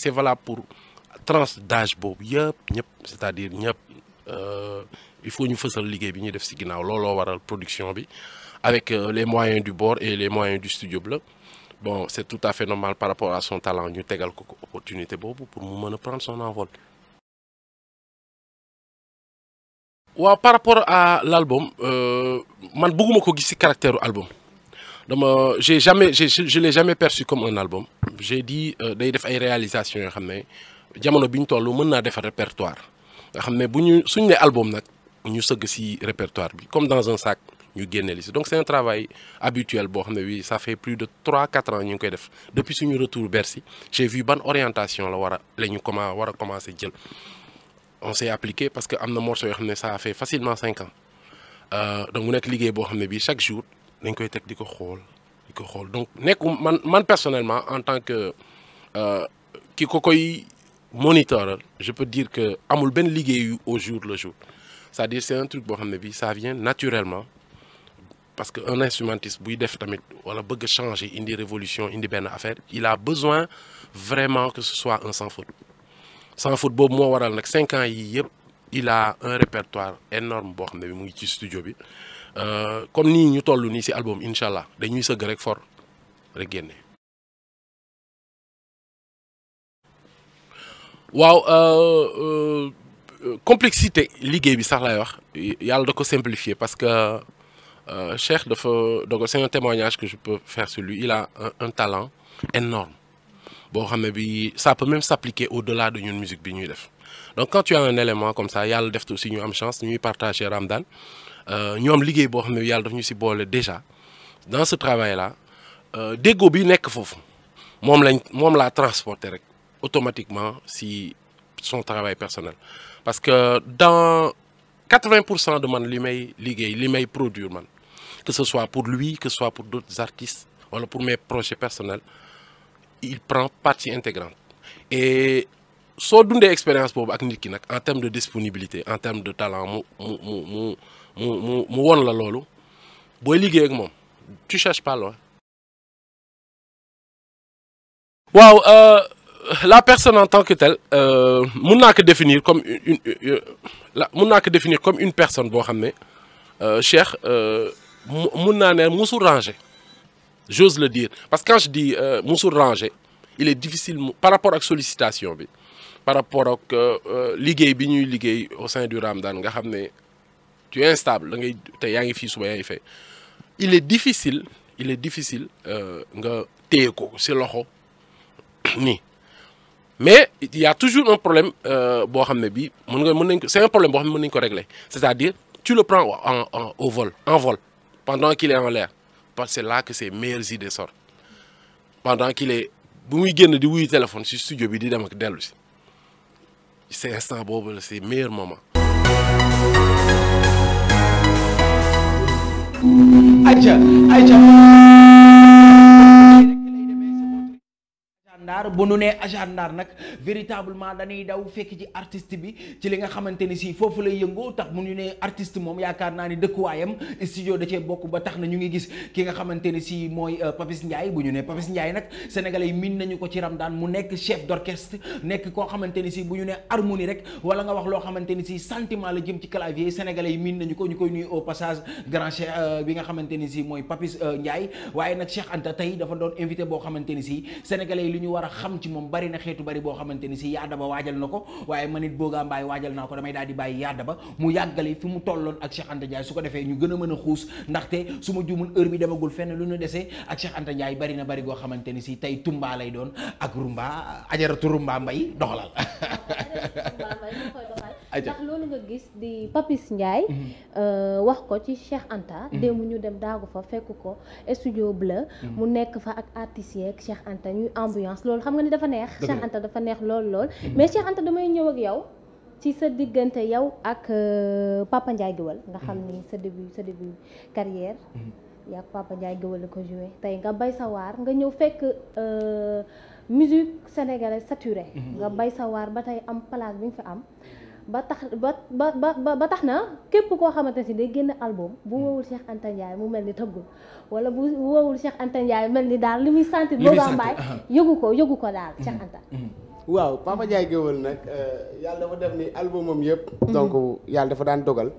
c'est valable pour trans d'âge c'est-à-dire ñëpp euh, il faut ñu fësal ligue bi ñuy def si ginnaaw looloo waral production bi avec euh, les moyens du bord et les moyens du studio bleu bon c'est tout à fait normal par rapport à son talent Il y a une opportunité pour mu prendre son envol. par rapport à l'album Je euh, bëgguma ko gis ci caractère album dama j'ai jamais je ne l'ai jamais perçu comme un album j'ai dit euh, day def ay réalisations réalisation. Je ne jamono répertoire Si on a bu ñu suñ album ñu répertoire comme dans un sac ñu donc c'est un travail habituel bon xam ça fait plus de 3-4 ans ñu koy depuis suñu retour Bercy j'ai vu ben orientation la war a la comment on s'est appliqué parce que am na morceau ça fait facilement 5 ans euh, donc mu nekk liggéey boo xam chaque jour dañ koy été en ko donc moi personnellement en tant que euh, ki ko koy moniteur je peux dire que amul benn liggéeyu au jour le jour c'est-à-dire c'est un truc boo ça vient naturellement parce qu'un instrumentiste qui def tamit changer une révolution une benn affaire il a besoin vraiment que ce soit un sans faute sans faute moi, moo waral ans il a un répertoire énorme boo xam bi studio euh, comme nous, ñu avons nii si album Inch'Allah, allah dañuy sëgg rek fort rek génne. waaw euh, euh, complexité liggéey bi sax lay wax yàlla simplifier parce que. Euh, donc c'est un témoignage que je peux faire sur lui il a un, talent énorme ça peut même s'appliquer au-delà de une musique bi donc quand tu as un élément comme ça il def aussi ñu am chance ñuy partager Ramadan Nous euh, avons liggéey bon, il y a daf si bon déjà dans ce travail là euh, Des bi est foofu il lañ Moi, la transporter automatiquement si son travail personnel parce que dans 80 de mes limay les limay man que ce soit pour lui, que ce soit pour d'autres artistes, voilà, pour mes projets personnels, il prend partie intégrante. Et soo dundee expérience pour en termes de disponibilité en termes de talent je suis là, mu tu tu cherches pas loin. Euh, la personne en tant que telle je que peux définir comme une la définir comme une personne bo mun naa j'ose le dire parce que quand je dis euh, musul rangé il est difficile par rapport à la sollicitation par rapport à ce euh, euh, bi au sein du Ramadan tu es instable tu es un fils ou un fils. il est difficile il est difficile nga es ko c'est loxo *clears throat* mais il y a toujours un problème boo c'est un problème que je régler c'est-à-dire tu le prends au vol en vol pendant qu'il est en l'air parce c'est là que ses meilleures idées sortent pendant qu'il est Si je suis di téléphone ci studio bi di dem ak dellu c'est instant beau, c'est c'est meilleur moment. Aïcha Aïcha. agendar bu nu nee agendar nag véritablement dañuy daw fekk ci artiste bi ci li nga xamante ni si foofu lay yëngoo tax mu ñu nee artist moom yaakaar naa ni dëkkuwaayam studio da cee bokk ba tax na ñu ngi gis ki nga xamante ni si mooy euh, Papis Ndiaye bu ñu nee Papis Ndiaye nag sénégalais yi miin nañu ko ci Ramadan mu nekk chef d'orchestre nekk koo xamante ni si bu ñu nee harmonie rek wala nga wax loo xamante ni si sentiment la jëm ci clavier sénégalais yi miin nañu ko ñu koy nuyu au passage euh, bi nga xamante ni si mooy Papis euh, Ndiaye waaye nag Cheikh Anta tey dafa doon invité boo xamante ni si sénégalais yi ñu war a xam ci moom bari na xeetu bari boo xamante ni si yaadaba waajal na ko waaye man it boogaa mbaay waajal naa ko damay daal di bàyyi yaadaba mu yàggale fi mu tolloon ak Cheikh Anta Ndiaye su ko defee ñu gën a mën a xuus ndaxte su ma jumul heure bi demagul fenn lu ñu desee ak Cheikh Anta bari na bari goo xamante ni si tey Tumba lay doon ak Rumba ajaratu Rumba Mbay doxalal ndax loolu nga gis di Papis Ndiaye. Mhm. Euh, wax ko ci Cheikh Anta. Mhm. démb ñu dem daagu fa fekk ko studio bleu. Mhm. mu nekk fa ak artistes yeeg Cheikh Anta ñuy ambiance loolu xam nga ni dafa neex. Cheikh Anta dafa neex lool lool. mais Cheikh Anta damay ñëw ak yow. ci sa diggante yow ak euh, Papa Ndiaye Guewel nga xam ni sa début sa début carrière yaa ak Papa Ndiaye Guewel la ko joué tey nga bay sa waar nga ñëw fekk euh, musique sénégalaise sature nga bay sa waar ba tey am place bi nga fi am ba tax ba ba ba ba tax na képp koo xamante si day génn album bu hmm. woowul seex Anta Ndiaye mu mel ni tëggul wala bu woowul seex Anta Ndiaye mel ni daal li muy sentir booba mbaay yëgu ko yëgu ko daal hmm. Cheikh Anta hmm. waaw Papa Ndiaye Géwël nag euh, yàlla dafa def ni albumam yëpp donc yàlla dafa daan dogal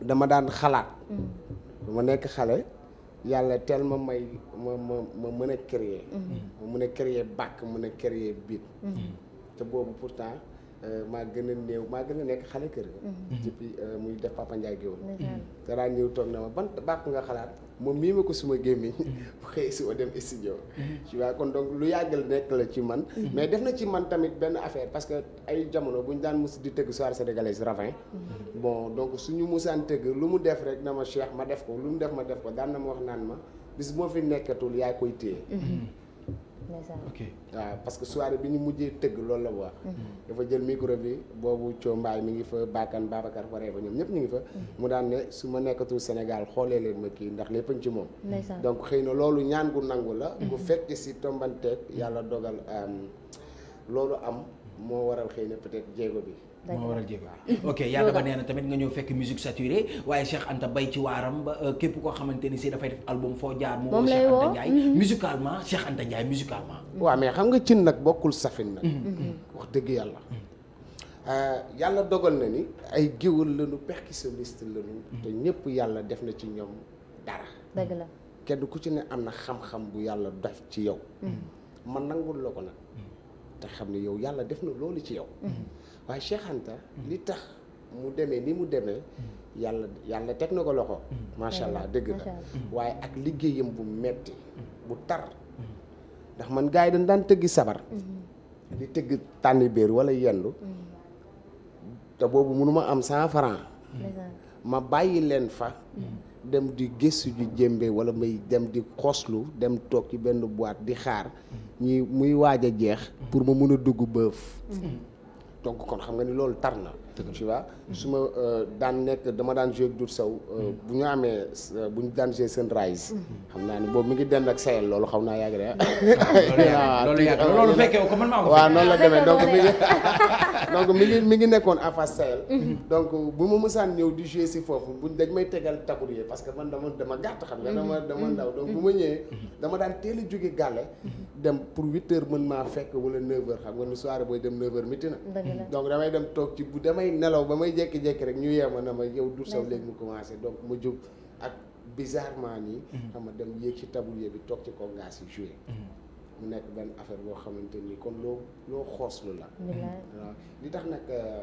dama daan xalaat ma nekk xale yàlla teel ma may ma ma ma mën a créer ma mën a créer bac mën a créer beat te boobu pourtant Euh, maa gën a néew maa gën a nekk xale kër ga mhm. Mhm. Euh, muy def Papa Ndiaye géwël mhm. te daan ñëw toog na ma ban baax nga xalaat moom mii ma ko suma gémmiñ *laughs* bu xëy si wa dem studio kon donc lu yàggal nekk la ci man mais def na ci man tamit benn affaire parce que ay jamono bu ñu daan mus di tëgg soirée sénégalaise ravin bon donc suñu musaan tëgg lu mu def rek na ma Cheikh ma def ko lu mu def ma def ko daan na ma wax naan ma bis moo fi nekkatul yaa koy téye ok Ah, parce que soirée bi ñu mujjee tëgg loolu la wax mhm. dafa jël micro bi boobu Thio Mbaye mi ngi fa Bakkan Babacar waree ba ñoom ñëpp ñu ngi fa mhm. mu daan ne su ma nekkatul Sénégal xoolee leen ma kii ndax lépp ci moom donc xëy loolu ñaan gu nangu la mhm. gu fekk si tombanteeg yàlla dogal loolu am moo waral xëy na peut-être jéego bi moo waral jéego ok *laughs* yàlla ba nee na tamit nga ñëw fekk musique saturée waaye seex Anta bay ci waaram ba euh, képp koo xamante ni si dafay def album foo jaar moom Cheikh Anta Ndiaye mm-hmm. musicalement Cheikh Anta Ndiaye musicalement mm-hmm. waaw mais xam nga cin nag bokkul safin nag mm-hmm. wax dëgg yàlla euh, yàlla dogal na ni ay géwël lanu percussionniste lañu te ñëpp yàlla def na ci ñoom dara kenn ku ci ne am na xam-xam bu yàlla def ci yow man nangul la ko nag te xam ne yow yàlla def na loolu ci yow waaye Cheikh li tax mu demee ni mu deme yàlla yàlla teg na ko loxo macha allah dëgg la waaye ak liggéeyam bu metti mm. bu tar ndax man gars yi dañ daan tëggi sabar mm-hmm. di tëgg tànni béer wala yendu mm-hmm. te boobu ma am cent franc mm-hmm. ma bàyyi leen fa dem di gëstu ju jëmbe wala may dem di xoslu dem toog ci benn boite di xaar ñi muy waaj a jeex pour ma mun a dugg bëf donc kon xam nga ni loolu tar na tu vois mm-hmm. su ma euh, daan nekk dama daan joué Doudou Sow euh, mm-hmm. bu ñu amee euh, bu ñu daan joué Sunrise mm-hmm. xam naa ni boobu mi ngi dend ak Sahel loolu xaw naa yàgg de *laughs* loolu ah, fekkee ko man maa ko waaw noonu la demee donc mi ngi *laughs* *laughs* donc mi ngi mi ngi nekkoon en face Sahel donc bu ma mësaan ñëw di joué si foofu buñ dañ may tegal tabourier parce que man dama dama gàtt xam nga dama dama ndaw donc bu ma ñëwee dama daan teel a jóge gàlle dem pour huit heures mën maa fekk wala neuf heures xam nga ni soirée booy dem neuf heures miti na donc damay dem toog ci bu damay may nelaw ba may jékki-jékki rek ñu yeema na ma yow dur saw léegi mu commencé donc ma jóg ak bizarrement nii mhm. xam nga dem yéeg ci tablier bi toog ci kaw ngaas yi joué mhm. mu nekk benn affaire boo xamante ni kon loo loo xooslu la waaw li tax nag euh,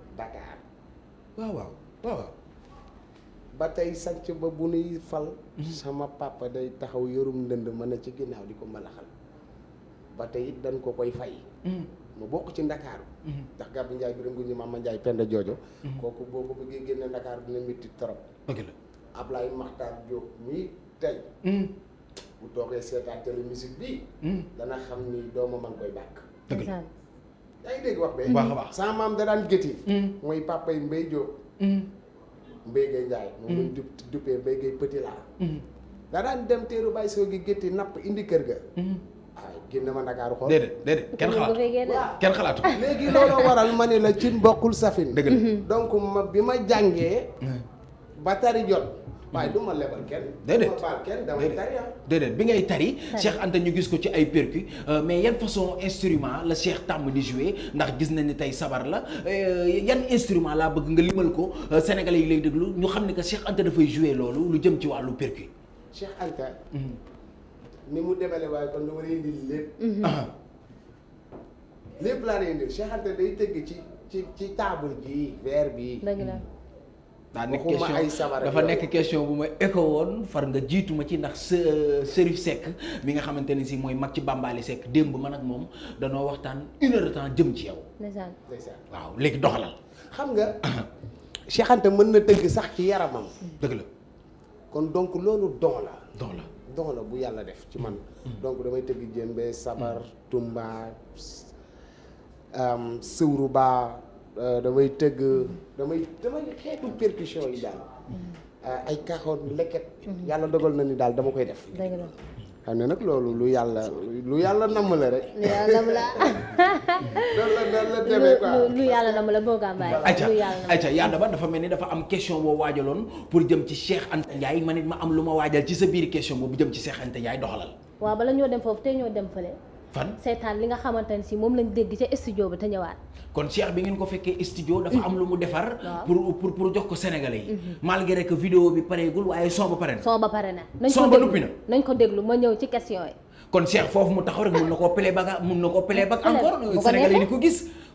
Dakar waaw waaw waaw ba ba bu fal mhm. sama papa day taxaw yorum ndend man ci ginaaw nah, di malaxal batay dan it dañ ko koy fay mu mhm. bok ci dakar ndax mhm. gabu njaay bi rengu ñu mama njaay penda jojo koku boko ko genn dakar dina metti torop dëgg la Makhtar Diop mii tey bu toogee bi dana xam ni koy bak yaa ngi dégg wax be baax a baax sama maam da daan gétti mm. mooy papa yi Mbaye Diop mm. Mbaye Gueye Ndiaye moom lañ mm. duppee Mbaye Gueye Petit la da daan dem teeru bàyyi soo gi gétti napp indi kër ga waaw génn ma Ndakaaru xool déedéet déedéet kenn xalaatu kenn xalaatu léegi loolu waral ma ne la cin bokkul safin dëgg la mm-hmm. donc ma bi ma jàngee ba tari jot waaye du ma lebal kenn. déedéet du ma baal kenn damay tari ah. bi ngay tari. Cheikh Anta ñu gis ko ci ay percu euh, mais yan façon instrument la Cheikh tàmm di jouer ndax gis nañ ni tey sabar la euh, yan instrument laa bëgg nga limal ko euh, sénégalais yi lay déglu ñu xam ne que Cheikh Anta dafay jouer loolu lu jëm ci wàllu percu. Cheikh Anta. Mhm. ni mu demale waaye kon dama lay indi lépp. Mhm. Ah. lépp laa lay indi Cheikh Anta day tëgg ci ci ci table ji verre bi. daa nekk question dafa nekk question bu ma écho woon far nga jiitu ma ci ndax euh, Serif Seck mi nga xamante ni si mooy mag ci Bambaali Seck démb man ak moom danoo waxtaan une temps jëm ci yow. waaw léegi doxalal. xam nga. *coughs* Cheikh Anta mën na tëgg sax ci yaramam. dëgg la. kon donc loolu don la. don la don bu yàlla def ci man. Mm. Mm. donc damay tëgg jëmbe sabar mm. tumba sëwru baa Euh, damay tëgg damay damay xeetu percussion yi daal euh, ay kaaxoon leket mhm. yàlla dogal na ni daal dama koy def xam ne nag loolu lu yàlla lu yàlla namm la rek. lu yàlla namm la. loolu *laughs* la loolu la demee quoi yàlla a bàyyi. yàlla ba dafa mel ni dafa am question boo waajaloon pour jëm ci Cheikh Anta Ndiaye man it ma am lu ma waajal ci sa biir question boobu jëm ci Cheikh Anta doxalal. waaw bala ñoo dem foofu tey ñoo dem fële. fan setan li nga xamanteni si moom lañ dégg ci studio bi ta ñëwaat kon cheikh bi ngeen ko fekkee studio dafa am lu mu defar *laughs* pour pour pour jox ko sénégalais mhm. malgré que vidéo bi gul waye son ba paré na son ba paré na nañ son ba nuppi nañ ko déglu ma ñëw ci question yi kon cheikh fofu mu taxaw rek mun nako koo play back mun na koo encore sénégalais ni ko gis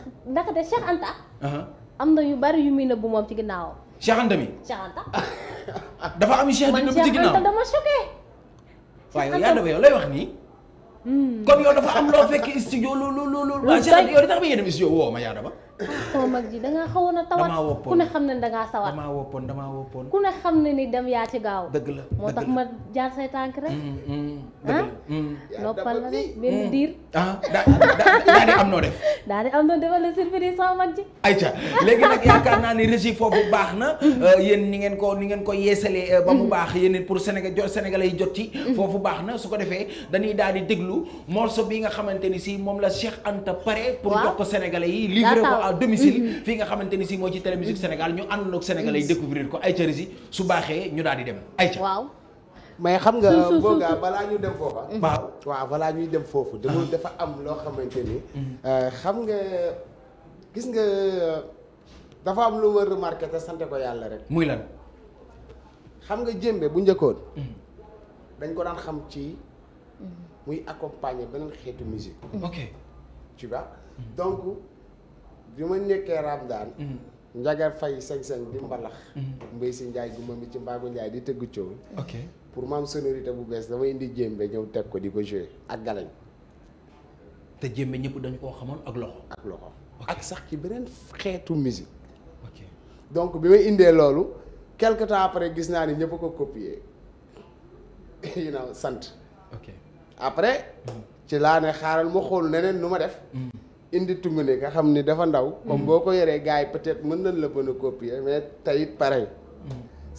ndax ndaxte Cheikh Anta. am na yu bari yu muy bu moom ci ginnaawam. Cheikh Anta mi *laughs* dafa am Cheikh di nëbbu ci ginnaaw man Anta dama choqué. waaw yow yaa dama yow lay wax nii. Hmm. comme dafa am loo fekk studio lu lu lu lu. waaw Cheikh Anta yow li tax ba ngeen yaa dama. sama mag ji da ngaa xawoon a tawat da ngaa sawat damaa woppoon damaa woppoon ku ne xam ne ni dem yaa ci gaaw dëgg la moo tax ma jaar say tànk rek mm, mm, mm. ah noppal la rek benn diir ah am noo def *laughs* daa di am noo defal la surprise sama mag ji ayca léegi nag yaakaar naa ni régie foofu baax na euh, yéen ni ngeen ko ni ngeen ko yeesalee euh, ba mu baax yéen pour Sénégal jot Sénégalais yi jot ci foofu baax na su ko defee dañuy daal di déglu morceau bi nga xamante ni si moom la Cheikh Anta pare pour jox ko yi livré ko à domicile mm-hmm. fii nga xamante ni si moo ci Télé Musique mm-hmm. Sénégal ñu àndoon ak sénégalais yi mm-hmm. découvrir ko ay cëri si su baaxee ñu daal di dem ay ca waaw mais xam nga boogaa balaa ñu dem foofa waaw waaw balaa ñuy dem foofu damul ah. dafa am loo xamante ni euh, xam nga gis nga dafa am lu war remarqué te sant ko yàlla rek muy lan xam nga jémbe bu njëkkoon dañ ko daan xam ci muy accompagner beneen xeetu musique ok tu bi ma nekkee Ramadaan mm-hmm. njagar fay sañ-sañ di mm-hmm. mbalax mbay si njaay gu ma mi ci mbaagu njaay di tëgg coow ok pour ma am sonorité bu bees dama indi jéem jéembe ñëw teg ko di ko joué ak galañ te jéembe ñëpp dañ koo xamoon ak loxo ak loxo ak sax ci beneen xeetu musique ok donc bi ma indee loolu quelque temps après gis naa ni ñëpp ko copier *laughs* you know sant ok après mm-hmm. ci laa ne xaaral ma xool neneen lu ma def indi tungune nga xam ni dafa ndaw. comme mm. boo ko yoree gars yi peut-être mën nañ la mën a copier mais tey it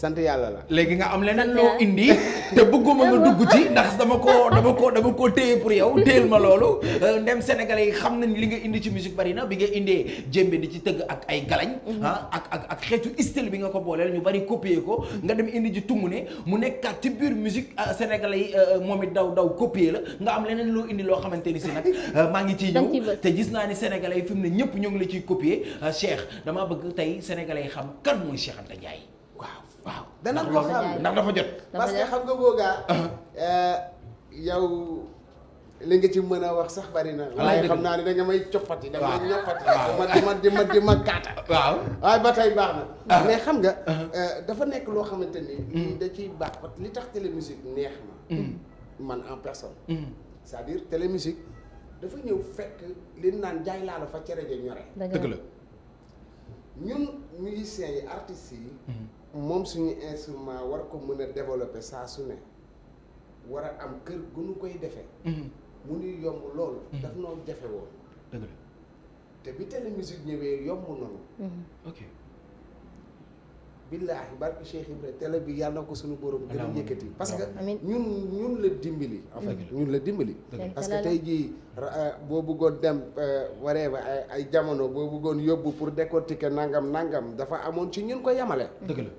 sant yàlla la léegi nga am leneen loo indi te bëgguma nga dugg ci ndax dama ko dama ko dama ko téye pour yow téel ma loolu euh, ndem sénégalais yi xam nañ li nga indi ci musique bari na bi nga indee jémbe di ci tëgg ak ay galañ mhm. ah, ak ak ak xeetu style bi nga ko booleel ñu bari copier nga dem indi ci tungu ne mu nekkaat ci biir musique euh, sénégalais yi euh, moom it daw daw copier la nga am leneen loo indi loo xamante ni si nag maa ngi ciy ñëw te gis naa ni sénégalais yi fi mu ne ñëpp ñoo ngi la ciy copier Cheikh damaa bëgg tey sénégalais yi xam kan mooy Cheikh Anta Ndiaye waaw danañ ko ndax dafa jot parce que xam nga boogaa euh, yow li nga ci mën a wax sax bari na waaye xam naa ne da nga may coppati da nga may ma di ma di ma di ma kaata waaw waaye ba tey baax na ah. mais xam nga ah. euh, dafa nekk loo xamante ni hmm. lii da ciy baax li tax télémusique neex na hmm. man en personne sa à dire dafa ñëw fekk li naan jaay laa la fa cere ja ñore dëgg la ñun musiciens yi artistes yi. Hmm. moom suñu instrument war ko mën a développer saa su ne war a am kër gu nu koy defee. Hmm. mu nuy yomb loolu. Hmm. daf noo jafe woon. te bi télémusique ñëwee yomb noonu. ok. billaahi barke Cheikh Ibra tele bi yàlla na ko suñu borom gën a yëkkati parce que ñun ñun la dimbali en fait ñun la dimbali parce que tey jii euh, boo bëggoon dem euh, waree ba ay jamono boo bëggoon yóbbu pour décortiquer nangam nangam dafa amoon ci ñun ko yemale dëgg la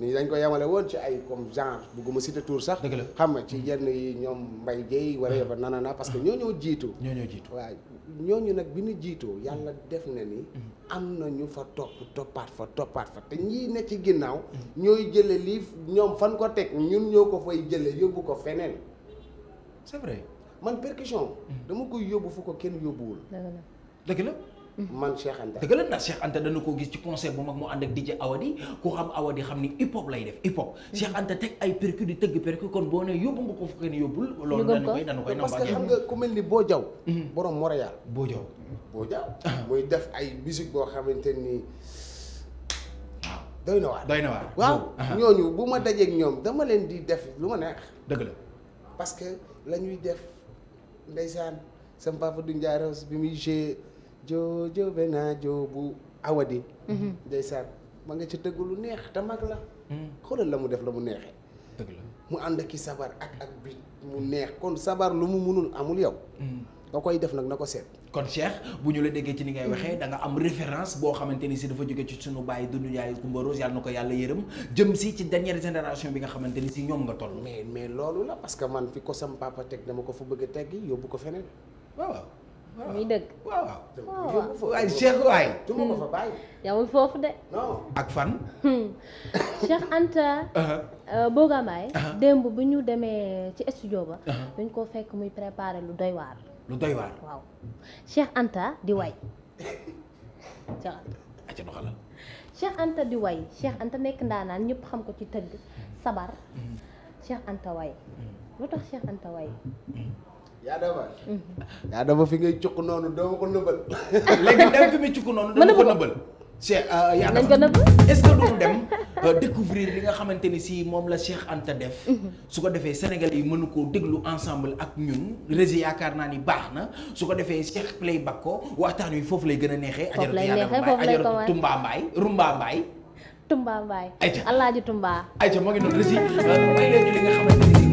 nii dañ ko yemale woon ci ay comme genre bugguma cité tour sax xam nga ci yenn yi ñoom mbay géey wala yofa nana na parce que ñoo ñoo jiitu ñoo ñoo jiitu waaw ñooñu nag bi jiitoo yàlla def na ni mhm. am na ñu fa topp toppaat fa toppaat fa te ñii ne ci ginnaaw mhm. ñooy jële lii ñoom fan ko teg ñun ñoo ko fay jële yóbbu ko feneen c'est vrai man percussion mhm. dama koy yóbbu fu ko kenn yóbbuwul dëgg la man Cheikh Anta. dëgg na Cheikh Anta dañ ko gis ci concert bu mag mo and ak DJ Awadi ko xam Awadi xam ni hip hop lay def hip hop. Mm-hmm. Cheikh Anta tek ay percu di teug percu kon bo ne yóbbu nga ko fu ni yobul lolou dañ koy dañ koy parce que xam nga ku melni Bo jaw mm-hmm. borom montreal Bo jaw Bo jaw ah. moy def ay musique bo xamanteni doyna wa doyna wa doy waaw ñooñu bu ma ak ñom dama len di def lu ma neex. dëgg la parce que lañuy def ndaysan sama papa du Ndiaye bi jé jojo bena jo bu awadi mhm. ndeysaan ma nga ci dëgg lu neex te la hmm. xoolal la mu def la mu neexee dëgg la mu ànd ki sabar ak ak bi mu neex kon sabar lu mu munul amul yow hmm. nga koy def nag na ko seet kon Cheikh bu ñu la déggee ci ni ngay waxee da nga am référence boo xamante ni si dafa jóge ci sunu bàyyi dund yaay Coumba Rose yàlla na ko yàlla yërëm jëm si ci dernière génération bi nga xamante ni si ñoom nga toll mais mais loolu la parce que man fi ko sam papa teg dama ko fa bëgg a teggi yóbbu ko feneen muy dëgg. waaw waaw yóbbu de. ak fan. Hmm. Cheikh Anta. Uh-huh. Euh, Boga Mbaye. Uh-huh. démb bu ñu demee ci studio ba. Uh-huh. dañ ko fekk muy préparer lu doy waar. lu doy waar waaw. Cheikh Anta di way. *laughs* Cheikh Anta. di way Cheikh Anta nekk ndaanaan ñëpp xam ko ci tëgg sabar. Hmm. Cheikh Anta way. Hmm. lu tax Cheikh Anta way. yaa dama mm-hmm. yaa dama fi ngay cukk noonu dama ko nëbbal. *laughs* léegi dem fi muy cukk noonu dama ko nëbbal. c'est euh, yaa dama est-ce que doon dem euh, découvrir li nga xamante ni si moom la Cheikh Anta def. Mm-hmm. su ko defee Sénégal yi mënu koo déglu ensemble ak ñun réseau yaakaar naa ni baax na su ko defee Cheikh Play Bakko waxtaan wi foofu lay gën a neexee. foofu lay neexee foofu lay ko Tumba Mbaay Rumba Mbaay. Tumba Mbaay. ayca Alaaji Tumba. ayca moo ngi noonu rési euh, may nga xamante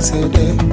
things today.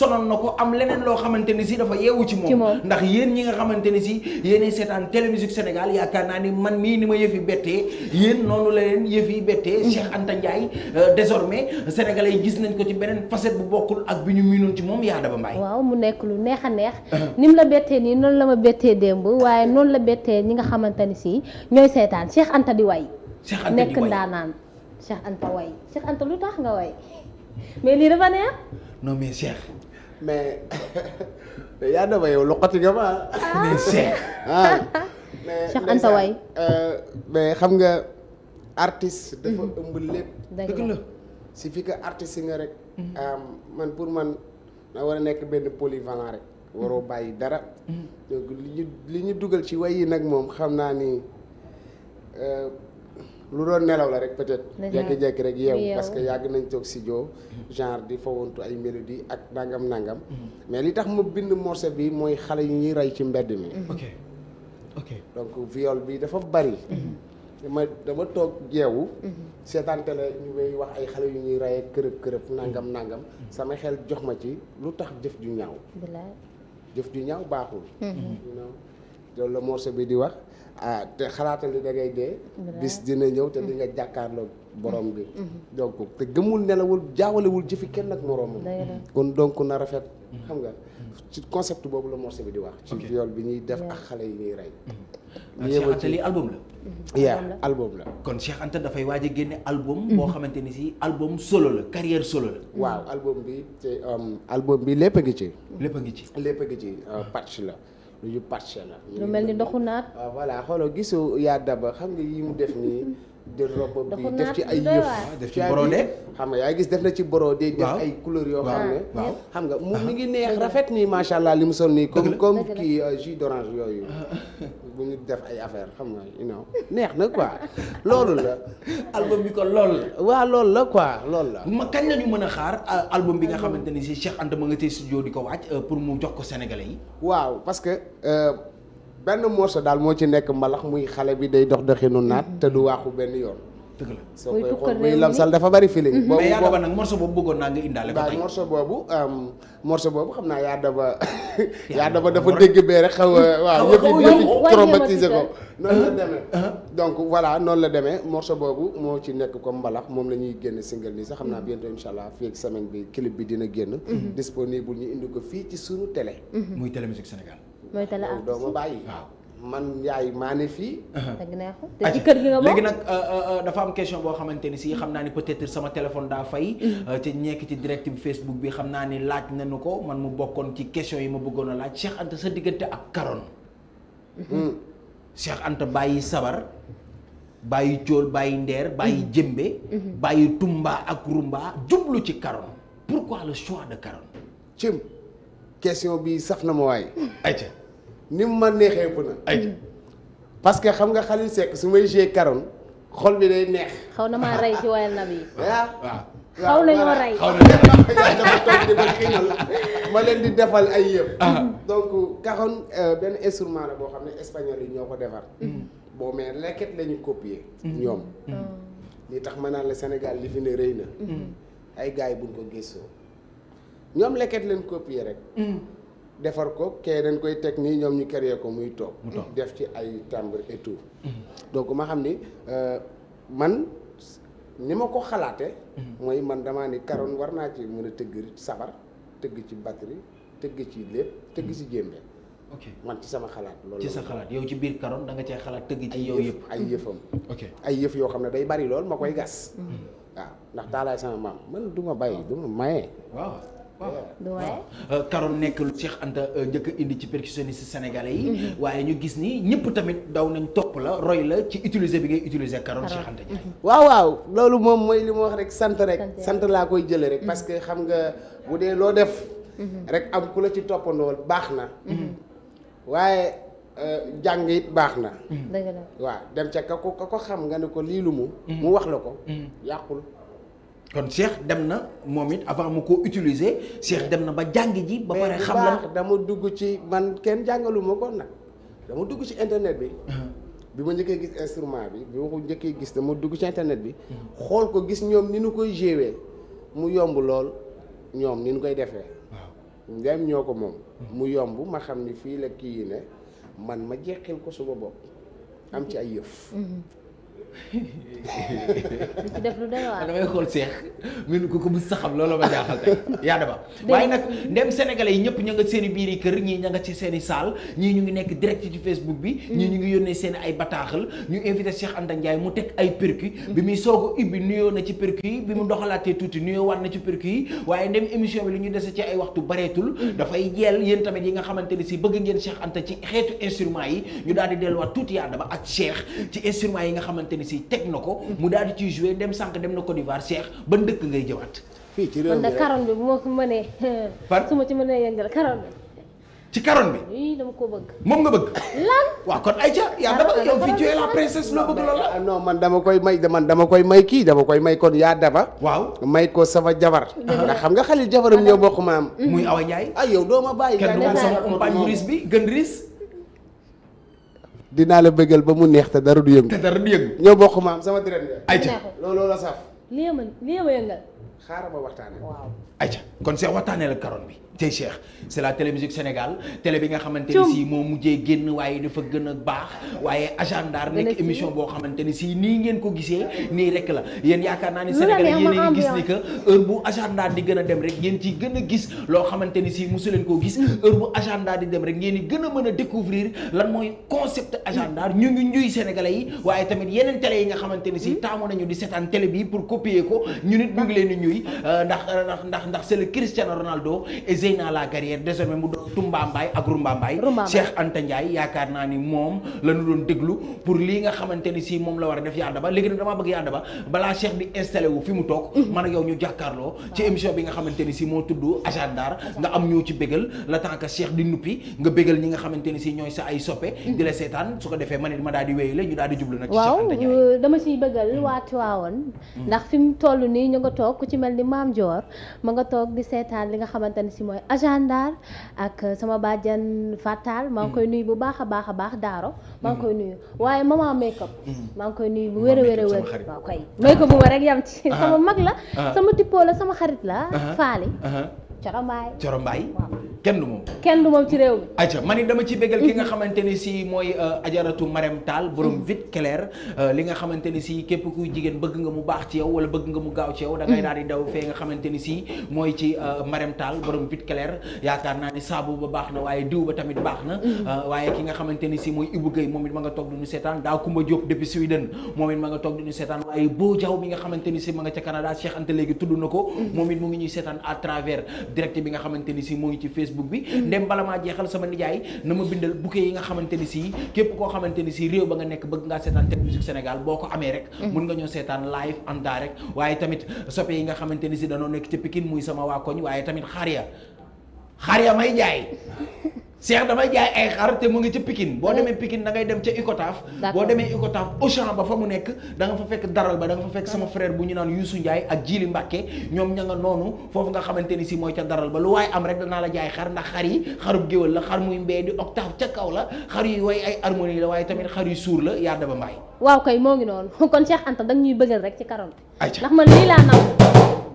sonal na ko am leneen loo xamante ni si dafa yeewu ci moom ndax yéen ñi nga xamante ni si yéenay seetaan télémusique Sénégal yaakaar naa ni man mii ni ma yëf yi bettee yéen noonu la leen yëf yi bettee mm-hmm. Cheikh Anta Ndiaye euh, désormais sénégalais yi gis nañ ko ci beneen facette bu bokkul ak bi ñu miinoon ci moom yaa daba mbaay waaw mu nekk lu neex a neex uh-huh. ni mu la bettee nii noonu la ma bettee démb waaye noonu la bettee ñi nga xamante ni si ñooy seetaan Cheikh Anta di way nekk ndaanaan Cheikh Anta way Cheikh lu tax nga way mais lii dafa neex mais yaa dama yow loqati nga ma mais Cheikh ah mais xam nga artiste dafa mhm. ëmb lépp dëgg la si fi que artiste nga rek mhm. man pour man na war a nekk benn polyvalent rek waroo bàyyi dara mhm. donc li ñu dugal ci way yi nag moom xam naa ni euh, lu doon nelaw la rek peut-être jékki-jékki rek yew parce que yag nañ tok studio genre di fawontu ay mélodie ak nangam nangam mhm. mais li tax mo bind morse bi moy xalé yi ñuy ci mbedd mi mhm. ok ok donc viol bi dafa bari mhm. dama dama tok yew setante la ñu may wax ay xale yu ñuy rey kërëp kërëp nangam nangam sama xel jox ma ci lu tax def ju ñaaw def ju ñaaw baaxul loolu la morse bi di wax ah te xalaatal ni da ngay dee. bis dina ñëw te di nga jàkkaarloo borom bi. Mm-hmm. Mm-hmm. donc te gëmul nelawul jaawalewul jëfi kenn ak moroomam. kon donc na rafet. Mm-hmm. xam nga ci concept boobu la morceau bi di wax. ci viol bi ñuy def ak xale yi ñuy rey. Cheikh lii album la. yaa album la. kon Cheikh Anta dafay waaj a génne album. boo xamante ni si album solo la carrière solo la. waaw album bi te um, album bi lépp a ngi ci. lépp a ngi ci lépp a ngi ci euh, patch la. lu ñu pàcc la. lu mel ni doxu naat. voilà xoolal gisu yaa ba xam nga yi mu def nii. jël robe bi def ci ay yëf def ci borodé xam nga yaa gis def na ci borodé def ay couleur yoo xam ne xam nga mu mi ngi neex rafet nii macha allah li mu sol nii comme comme kii euh, jus d'orange yooyu bu *laughs* ñu def ay affaire xam nga you neex na quoi *laughs* loolu la album bi ko lool la waaw loolu la quoi loolu la ma kañ la mën a xaar album bi nga xamante ni si Cheikh Anta ma nga tey studio di ko wàcc euh, pour mu jox ko sénégalais yi waaw parce euh, benn morso daal moo ci nekk mbalax muy xale bi day dox doxinu naat te du waaxu benn yoon. dëgg la soo koy xool muy lamsal dafa bari feeling. Mm-hmm. boobu mais yaa daba boobu bëggoon naa nga indaale boobu um, morceau boobu xam naa *laughs* yaa daba yaa dafa dégg bee rek xaw a waaw yëpp uh-huh. uh-huh. noonu la demee donc boobu moo ci nekk comme mbalax moom la ñuy génn single nii sax xam naa mm-hmm. bientôt incha allah fii ak semaine bi clip bi dina génn. Mm-hmm. disponible ñu indi ko fii ci sunu télé. muy Télé Musique Sénégal. mooy télé artiste doo ma bàyyi man yaay maa ne fii. dëgg léegi nag euh, euh, euh, dafa am question boo xamante ni si xam naa ni peut-être sama téléphone daa fay. Mm. te ñekk ci direct bi Facebook bi xam naa ni laaj nañu ko man mu bokkoon ci question yi ma bëggoon a laaj Cheikh Anta sa diggante ak Karone. Mm-hmm. Cheikh Anta bàyyi sabar bàyyi cool bàyyi ndeer bàyyi mm. jëmbe. Mm-hmm. bàyyi tumba ak rumba jublu ci Karone pourquoi le choix de Karone. cim question bi saf na ma waay. ni mu ma neexee ëpp na. ay parce que xam nga Khalil Seck su may joué Karone xol bi day neex. xaw na maa rey ci wayal na bi. waaw xaw nañoo rey xaw dafa toog di ma xiinal ma leen di defal ay yëpp. donc Cajon benn instrument la boo xam ne espagnol yi ñoo ko defar. bon mais lekket la ñu copier. ñoom. li tax ma naan la Sénégal li fi ne rëy na. ay gars yi buñ ko gëstoo ñoom lekket leen copier rek. defar ko ke dañ koy tek ni ñom ñu créer ko muy tok def ci ay timbre et tout mhm. donc ma xamni ni euh, man ni ko xalaté mhm. moy man dama ni karoon warna ci mëna teug sabar teug ci batterie teug ci lepp teug ci mhm. jembe ok man ci sama xalaat loolu ci sa xalaat yow ci bir karon da nga ci xalaat teug ci yow yep ay yefam *laughs* ok ay yef yo xamne day bari lool makoy gas waaw ndax taalaay sama mam man duma baye duma maye waaw du waaye euh, Karom nekk lu Cheikh euh, njëkk indi ci percussionniste sénégalais yi. Mhm. waaye ñu gis nii ñëpp tamit daw nañ topp la roy la ci utiliser bi ngay utiliser Karom Cheikh Anta mhm. waaw waaw loolu moom mooy li ma wax rek sant rek. sant laa koy jëlee rek. Mhm. parce que xam nga bu dee loo def. rek am ku la ci toppandool baax na. waaye euh, jàng it baax na. waaw dem ca ka ko ka ko xam nga ne ko lii lu mu. mu wax la ko. yàqul. kon Cheikh dem avant de utiliser Cheikh Demna, ba jàng ba pare xam la dama dugg ci man ken suis ma ko dama dugg ci internet bi. Uh-huh. bi ma njëkkee gis instrument bi bi gis dama dugg ci internet bi. Uh-huh. xool ko gis ñoom ni ñu koy mu yomb lool ñoom ni ñu koy ndem ko uh-huh. mu yomb ma xam ni fii la kii man ma ko am ci ci def lu doy waar *laughs* damay xool seex mel ko ko mu saxam loolu ma jaaxal tey *laughs* yaa dama waaye nag ndem sénégalais yi ñëpp ñu nga seen biir yi kër ñii ña nga ci seen saal ñii ñu ngi nekk direct ci facebook bi mm. ñu ngi yónnee seen ay bataaxal ñu invité Cheikh Anta Ndiaye mu teg ay percu bi muy soog a nuyoo na ci percu yi bi mu doxalaatee tuuti nuyoo war na ci percu yi waaye ndem émission bi li ñu desee ci ay waxtu bareetul mm. dafay jeel yéen tamit yi nga xamante ni si bëgg ngeen Cheikh Anta ci xeetu instrument yi ñu daal di delluwaat tuuti yaa ak Cheikh ci si teg na ko. mu daal di ciy joué dem sànq dem na Côte d'Ivoire Cheikh ba dëkk ngay jëwaat. fii ci réew mi man de bi bu ma ko mënee. par su ma ci mënee yëngal karoon bi. ci karoon bi. dama ko bëgg. moom nga bëgg. lan kon ayca yaa dama yow fii ah, man dama koy may man dama koy may kii dama koy may kon yaa dama. waaw may ko sama jabar. nga xam nga xalil jabaram ñoo bokk maam. muy Awa Ndiaye. ay ah, yow doo ma bàyyi. kenn du sama compagne Maurice bi gën Riis. dinaa la bëggal ba mu neex te dara du yëngu. te dara du yëngu. ñoo bokk maam sama deret nga. ayca looloo la saf. lii ma lii ma yëngal. xaaral ma waxtaanee. waaw. Aïcha, kon Cheikh waxtaanee la karoon bi tey Cheikh c'est la télé musique Sénégal télé bi nga xamanteni si mo mujjé génn waaye dafa gëna a baax waaye agendar nekk émission bo xamanteni si ni ngeen ko gissé ni rek la Yeen yaakaar naa ni Sénégal yéen a ngi gis ni que heure bu agendar di gëna dem rek ngeen ci gëna giss lo xamanteni si mosu leen koo gis heure bu agendar di dem rek ngeen ni gëna mëna découvrir lan moy concept agendar ñu ngi ñuy Sénégalais yi waaye tamit yeneen télé yi nga xamanteni si hmm? taamu nañu di sétane télé bi pour copier ko ñu nit ñu ngi leen ñuy euh, ndax ndax ndax ndax c'est le Cristiano Ronaldo et Zeyna la carrière désormais mu doon Toumba ak Rumba Mbaye Cheikh yaakaar naa ni moom la ñu doon déglu pour lii nga xamante ni si moom la war a def Yada Ba léegi nag damaa bëgg la tant mhm. que di nuppi nga bégal ñi nga xamante si ñooy sa ay soppe mhm. di la seetaan su ko defee ma ne ma daal di wéyu la ñu daal di jublu nag waaw dama siy bëggal waati mhm. waawoon ndax fi mu toll nii ñu nga toog ku ci mel ni Maam nga toog di seetaan li nga xamante ne si mooy agendar ak sama bàjjan fàttal maa ngi koy mm. nuyu bu baax a baax a baax Daaro. maa ngi mm. koy nuyu waaye ma make up. Mm. maa ngi koy nuyu bu wér a wér a wér. waaw bu ma rek yam ci. Ah. sama mag la ah. sama tippoo la sama xarit la. Ah. faali corombaay kenn du moom kenn du moom ci réew mi ayca man it dama ci bégal ki nga mhm. xamante ni si mooy euh, ajaratu Marème Tall borom mhm. vite clair euh, li nga xamante ni si képp kuy jigéen bëgg nga mu baax ci yow wala bëgg nga mu gaaw ci yow da ngay mhm. daal di daw fee ni si mooy ci euh, Marème Tall borom vite clair yaakaar naa ni saabu ba baax na waaye diw ba tamit baax na waaye ki nga xamante ni si mooy Ibou Gueye moom it ma nga toog duñu seetaan daa Kumba Diop depuis Sweden moom it ma nga toog duñu seetaan waaye Boo Jaw mi nga xamante si ma nga ca Canada Cheikh léegi tudd na ko moom it mu ngi ñuy seetaan à nga xamante ni si moo ngi ci Facebook bi mm-hmm. ndem bala maa jeexal sama nijaay na ma bindal bouquet yi nga xamante ni si képp koo xamante ni si réew ba nga nekk bëgg nga seetaan Tek Musique Sénégal boo ko amee rek mm-hmm. mun nga ñoo seetaan live en direct waaye tamit soppe yi nga xamante ni si danoo nekk ca Pikine muy sama waa koñ waaye tamit xaar ya xaar ya may jaay *laughs* Cheikh damay jaay ay xar te mu ngi ci Pikine boo demee Pikine da ngay dem ca Icotaf boo demee Icotaf Auchan ba fa mu nekk da nga fa fekk daral ba da fa fekk sama frère bu ñu naan Youssou Ndiaye ak Jili Mbacke ñoom ña nga noonu foofu nga xamante ni si mooy ca daral ba lu waaye am rek danaa la jaay xar ndax xar yi xarub géwél la xar muy mbee di octave ca kaw la xar yu way ay harmonie la waaye tamit xar yu suur la yaa daba mbaay waaw kay moo ngi noonu *laughs* kon Cheikh Anta da ñuy bëggal rek ci karoon ndax man lii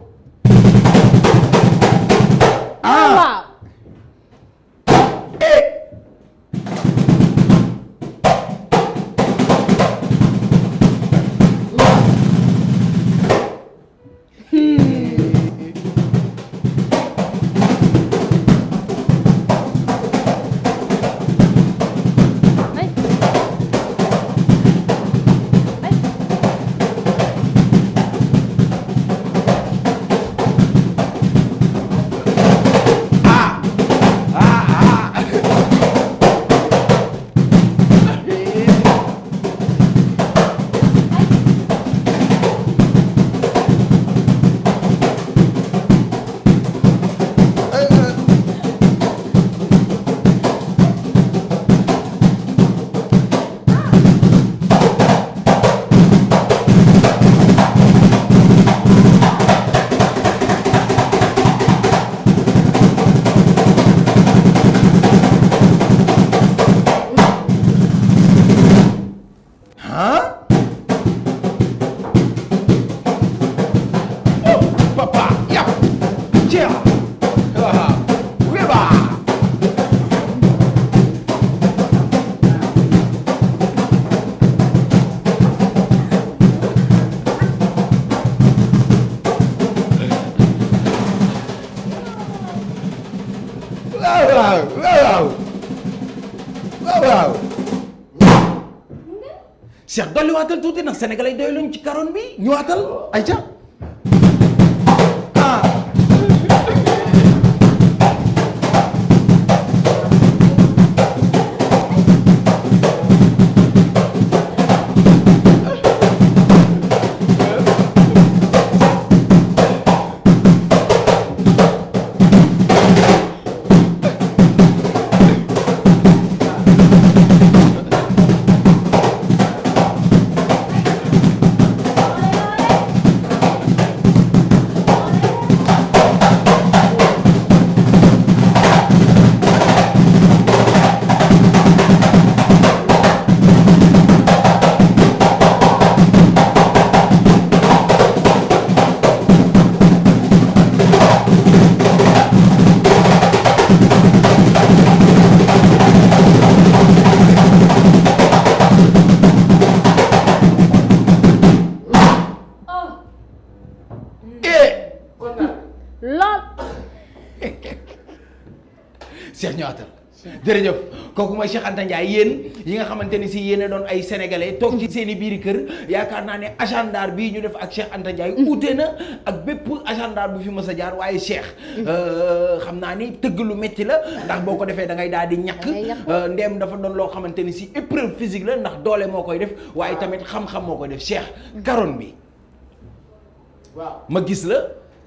dolliwaatal tuuti nag sénégalais doy luñ ci karoon bi ñëwaatal ayca jërëjëf kookuma mooy Cheikh Anta yéen yi nga xamante ni si yéen doon ay sénégalais toog ci seeni i biir kër yaakaar naa ne agendar bi ñu def ak Cheikh Anta Ndiaye uute na ak bépp agendar bu fi mës a jaar waaye Cheikh euh, xam naa ni tëgg lu métti la ndax boo ko defee da ngay daal di ñàkk euh, ndeem dafa doon loo xamante ni si épreuve physique la ndax doole moo koy def waaye tamit xam-xam moo koy def Cheikh karoon bi waaw ma gis la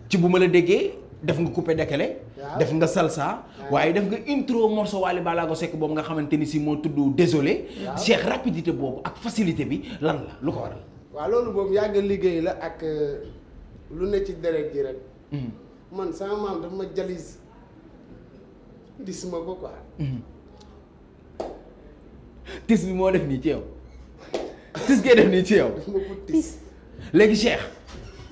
ci bu ma la déggee def nga coupé décalé def nga salsa waaye def nga intro morceau Wally Ballago Seck boobu nga xamante ni si moo tudd désolé seex rapidité boobu ak facilité bi lan la lu ko waral yàgg liggéey la ak euh, lu ne ci deret ji rek hmm. ma jalis hmm. tis bi moo def nii ci yow tis gee def nii ci yow léegi Cheikh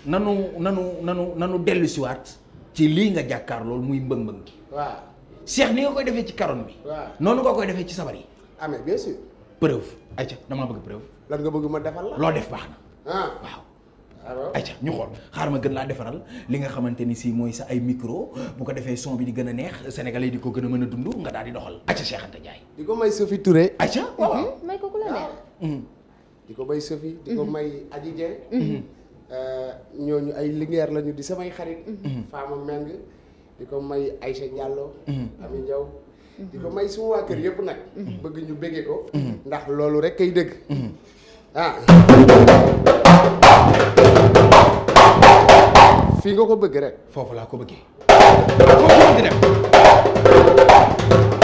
nanu nanu nanu nanu dellu siwaat ci li nga jakar lol muy mbëng-mbëng gi waaw cheikh ni nga koy defé ci karoon bi waaw nonu nga koy defé ci sabar yi ah mais bien sûr preuve ayca dama bëgg preuve lan nga bëgg ma defal la lo def baax na ah. waaw ayca ñu xool xaar ma gën la defaral li nga xamanteni ni si mooy sa ay micro bu ko defee son bi di gëna neex sénégalais di ko gëna mëna dundu nga daal di doxal ayca Cheikh Anta jaay diko may Sophie Touré ayca waaw mhm. may ko ku la neex hmm diko may Sophie diko mhm. may Adji hmm Euh, ñooñu ay lingeer lañu di samay xarit. mel mhm. Meng di ko may Aïcha Diallo. Mhm. Ami Ndiaw mhm. di ko may suma waa kër yëpp nag. bëgg ñu béggee ko. ndax loolu rek ay dëgg. Ah. fii nga ko bëgg rek. foofu laa ko bëggee. foofu laa ko bëgg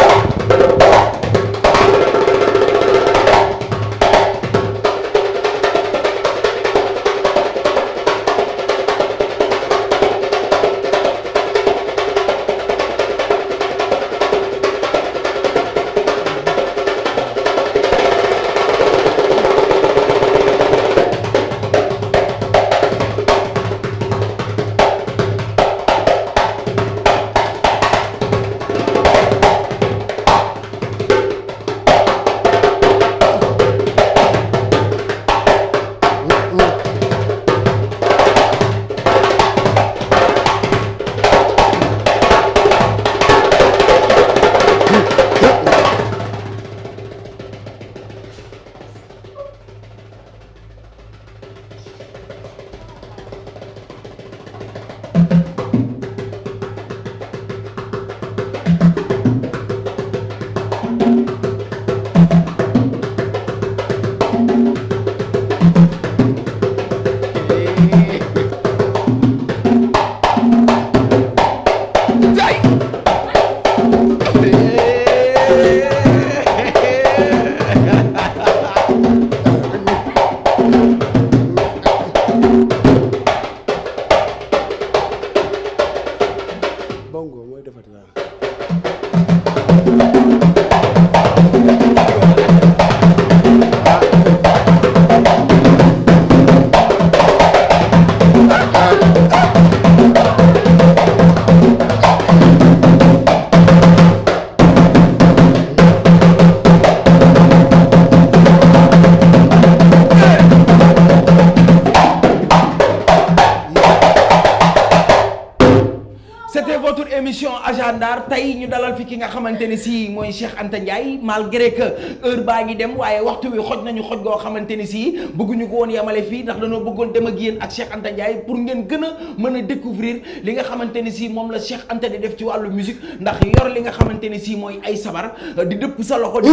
ñu dalal fi ki nga xamante ne si mooy Cheikh Anta Ndiaye malgré que heure baa ngi dem waaye waxtu wi xoj nañu xoj goo xamante ne si bëgguñu ko woon yemale fii ndax dañoo bëggoon dem ak yéen ak Cheikh Anta pour ngeen gën mën a découvrir li nga xamante ne si moom la Cheikh Anta def ci wàllu musique ndax yor li nga xamante ne si mooy ay sabar di dëpp sa loxo di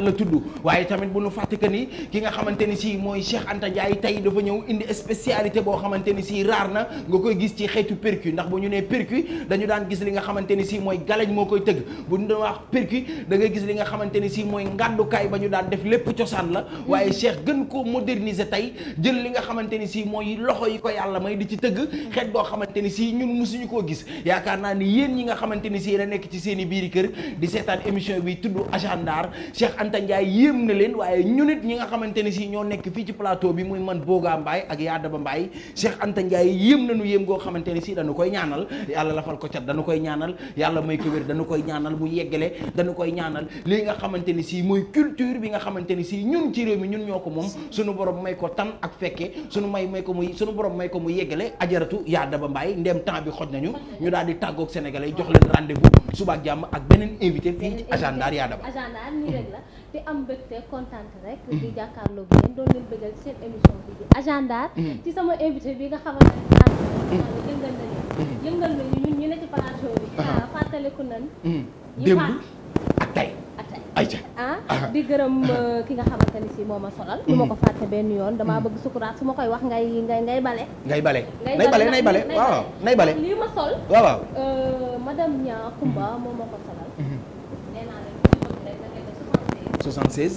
la do. waaye tamit bu nu fàtte que ni ki nga xamante ni mooy Cheikh Anta Ndiaye tey dafa ñëw indi spécialité boo xamante ni si raar na nga koy gis ci xeetu percu ndax bu ñu nee percu dañu daan gis li nga xamante ni si mooy galañ moo koy tëgg bu ñu doon wax percu gis li nga xamante ni si mooy ngàddukaay ba ñu daan def lépp cosaan la waaye Cheikh gën koo moderniser tey jël li nga xamante ni si mooy loxo yi ko yàlla mooy di ci tëgg xeet boo xamante ni si ñun musuñu koo gis yaakaar naa ni yéen ñi nga xamante ni si yéen nekk ci seen i biiri kër di seetaan émission bi tudd agendar Cheikh Anta Ndiaye na leen waaye ñu nit ñi nga xamante ne si ñoo nekk fii ci plateau bi muy man Boga Mbaye ak Yadaba Mbaye Cheikh Anta Ndiaye yéem na nañu yéem goo xamante ne si dañu koy ñaanal yàlla la lafal ko cat danu koy ñaanal yàlla may ko wér danu koy ñaanal mu yeggale dañu koy ñaanal lii nga xamante ni si mooy culture bi nga xamante ni si ñun ci réew mi ñun ñoo ko moom suñu borom may ko tan ak fekke sunu may may ko muy sunu borom may ko mu yeggale ajaratu Yadaba Mbaye ndem temps bi xoj nañu ñu daal di tàggoog sénégalais jox leen rendez-vous ak jàmm ak beneen invité fii ci agendar di am mbégte contente rek mm-hmm. di jàkkaarloo bi yéen doon leen bëggal mm-hmm. ci sama invité bi nga xamante ne ànd mm-hmm. yëngal bi uh-huh. ah, ah, uh-huh. gërëm uh, ki nga xamante ni si moo ma solal lu ma ko fàtte benn yoon damaa bëgg sukuraat su ma koy wax ngay ngay ngay bale ngay bale nay bale nay bale waaw nay lii ma sol waaw waaw euh, madame Nia moo ma ko solal 76. 600.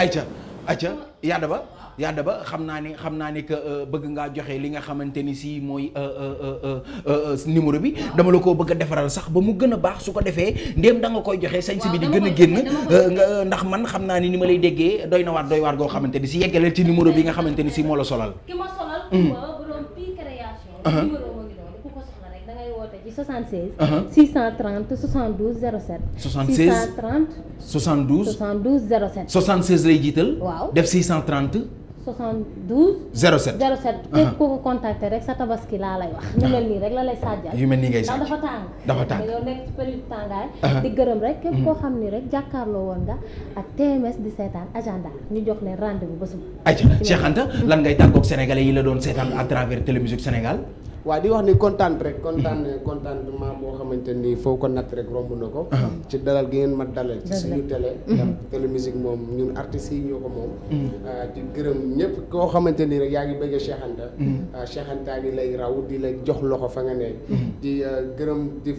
ayca ayca yaada ba yaada ba xam naa ne xam naa ne que euh, bëgg ngaa joxe li nga xamante ni si mooy euh, euh, numéro bi dama la koo bëgg defaral sax ba mu gën a baax su ko defee ndéem da nga koy joxe sañ si bi di gën a génn nga ndax man xam naa ni ni ma lay déggee doy na waar doy waar goo xamante ni si yeggaleel ci numéro bi nga xamante ni si moo la solal. 76. 630 72 07. 76 630. 72 72 07. 76 lay jiital. waaw def 630. 72. 07 07. képp uh-huh. koo ko contacté rek sa tabaski laa lay wax. ñu uh-huh. mel nii rek la lay sàjjal. yu mel nii ngay sàjjal ndax dafa tàng. dafa tàng uh-huh. di gërëm rek képp mm-hmm. koo xam ni rek jàkkaarloo woon nga ak TMS di seetaan agenda ñu jox ne rendez-vous ba suba. ayca Cheikh mm-hmm. lan ngay tàggoog sénégalais yi la doon seetaan à travers Télémusque Sénégal. waaw di wax ni kontaan rek kontaan contentement boo xamante ni foo ko natt rek romb na ko uh-huh. ci dalal gi ngeen ma dalal ci suñu télé uh-huh. télé musique moom ñun artistes yi ñoo ko moom uh-huh. uh, di gërëm ñëpp koo xamante ni rek yaa ngi bëgg Cheikh Anta uh, Cheikh Anta di raw di lay jox loxo fa nga uh, gërëm di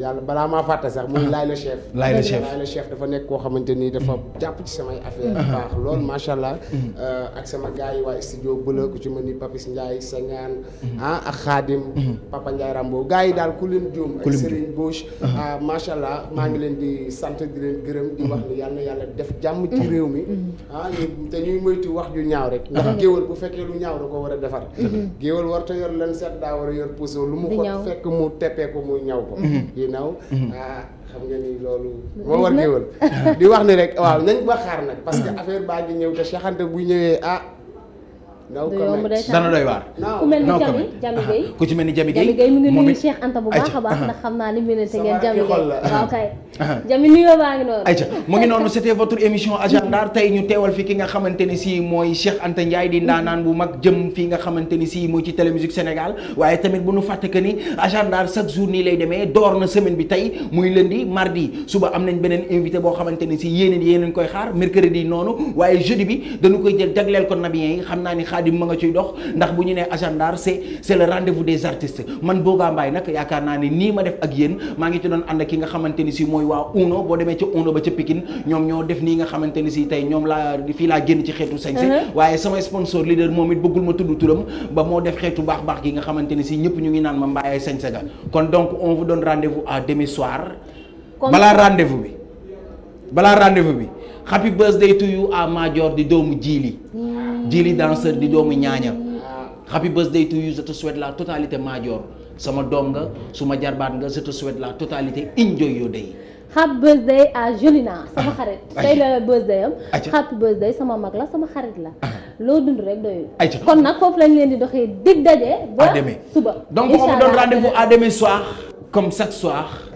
yàlla balaa maa fàtte sax muy laay la chef laay la chef laay la dafa nekk koo xamante ni dafa jàpp ci samay affaire baax loolu macha allah ak sama gars yi waa studio bële ku ci mën ni Papis Ndiaye Senghane ah ak xaadim mhm. Papa Ndiaye Rambo gars yi daal ku leen juum ak Serigne Bouch mhm. ah, macha allah maa ngi leen di sant di leen gërëm di wax mhm. ni yal na yàlla def jàmm ci réew mi ah te ñuy moytu wax ju ñaaw rek ndax géwal bu fekkee lu ñaaw da ko war a defar géwal warta yor leen seet daa war a yor puso lu mu ko fekk mu teppee ko muy ñaw ko yi naw ah, xam nga ni loolu moo war géwal *laughs* di wax ni rek waaw nañ ba xaar nag parce que affaire ñëw te Cheikh Anta ñëwee ah dana doy waar ku mel ni Jami Jami Gueye mel ni Jami Gueye Jami Gueye mu ngi a baax ndax naa ni minute ngeen noonu ayca mu ngi noonu c'était émission agendar tey ñu teewal fi ki nga xamante ni si mooy Cheikh Anta Ndiaye di naan bu mag jëm fii nga xamante ni si mooy ci Télémusique Sénégal waaye tamit bu ñu fàtte que ni agendar chaque jour nii lay demee door na semaine bi tey muy lundi mardi suba am nañ beneen invité boo xamante ni si yéeneen yéeneen koy xaar mercredi noonu waaye jeudi bi dañu koy jël jagleel ko nabiyen yi xam naa ni khadim ma nga ciy dox ndax bu ñu nee agendar c'est c'est le rendez-vous des artistes man Boga mbay nak yaakaar naa ni nii ma def ak yeen ma ngi ci doon and ak ki nga xamanteni ci moy wa uno bo démé ci uno ba ci Pikine ñom ñoo def ni nga xamanteni ci tay ñom la fi la génn ci sañ sañse uh-huh. waaye sama sponsor leader momit bëggul ma tuddu turam ba mo def xétu bax bax gi nga xamanteni ci si ñëpp ñu ngi naan ma mbaayee sañse ga kon donc on vous donne rendez-vous à demi soir bala rendez-vous bi bala rendez-vous bi happy birthday to you a major di doomu Jili Djily Danseur di doomu ñaaña happy birthday to you je te la totalité Madior sama doom nga suma jarbaat nga je te la totalité enjoy your day happy birthday à Jolina sama ah, xarit ah, tey la ah, birthday am birthday sama mag la sama xarit la loo dund rek doyul kon nag foofu lañ leen di doxee dig daje ba suba donc on vous donne rendez-vous soir comme chaque soir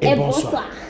et, et bonsoir,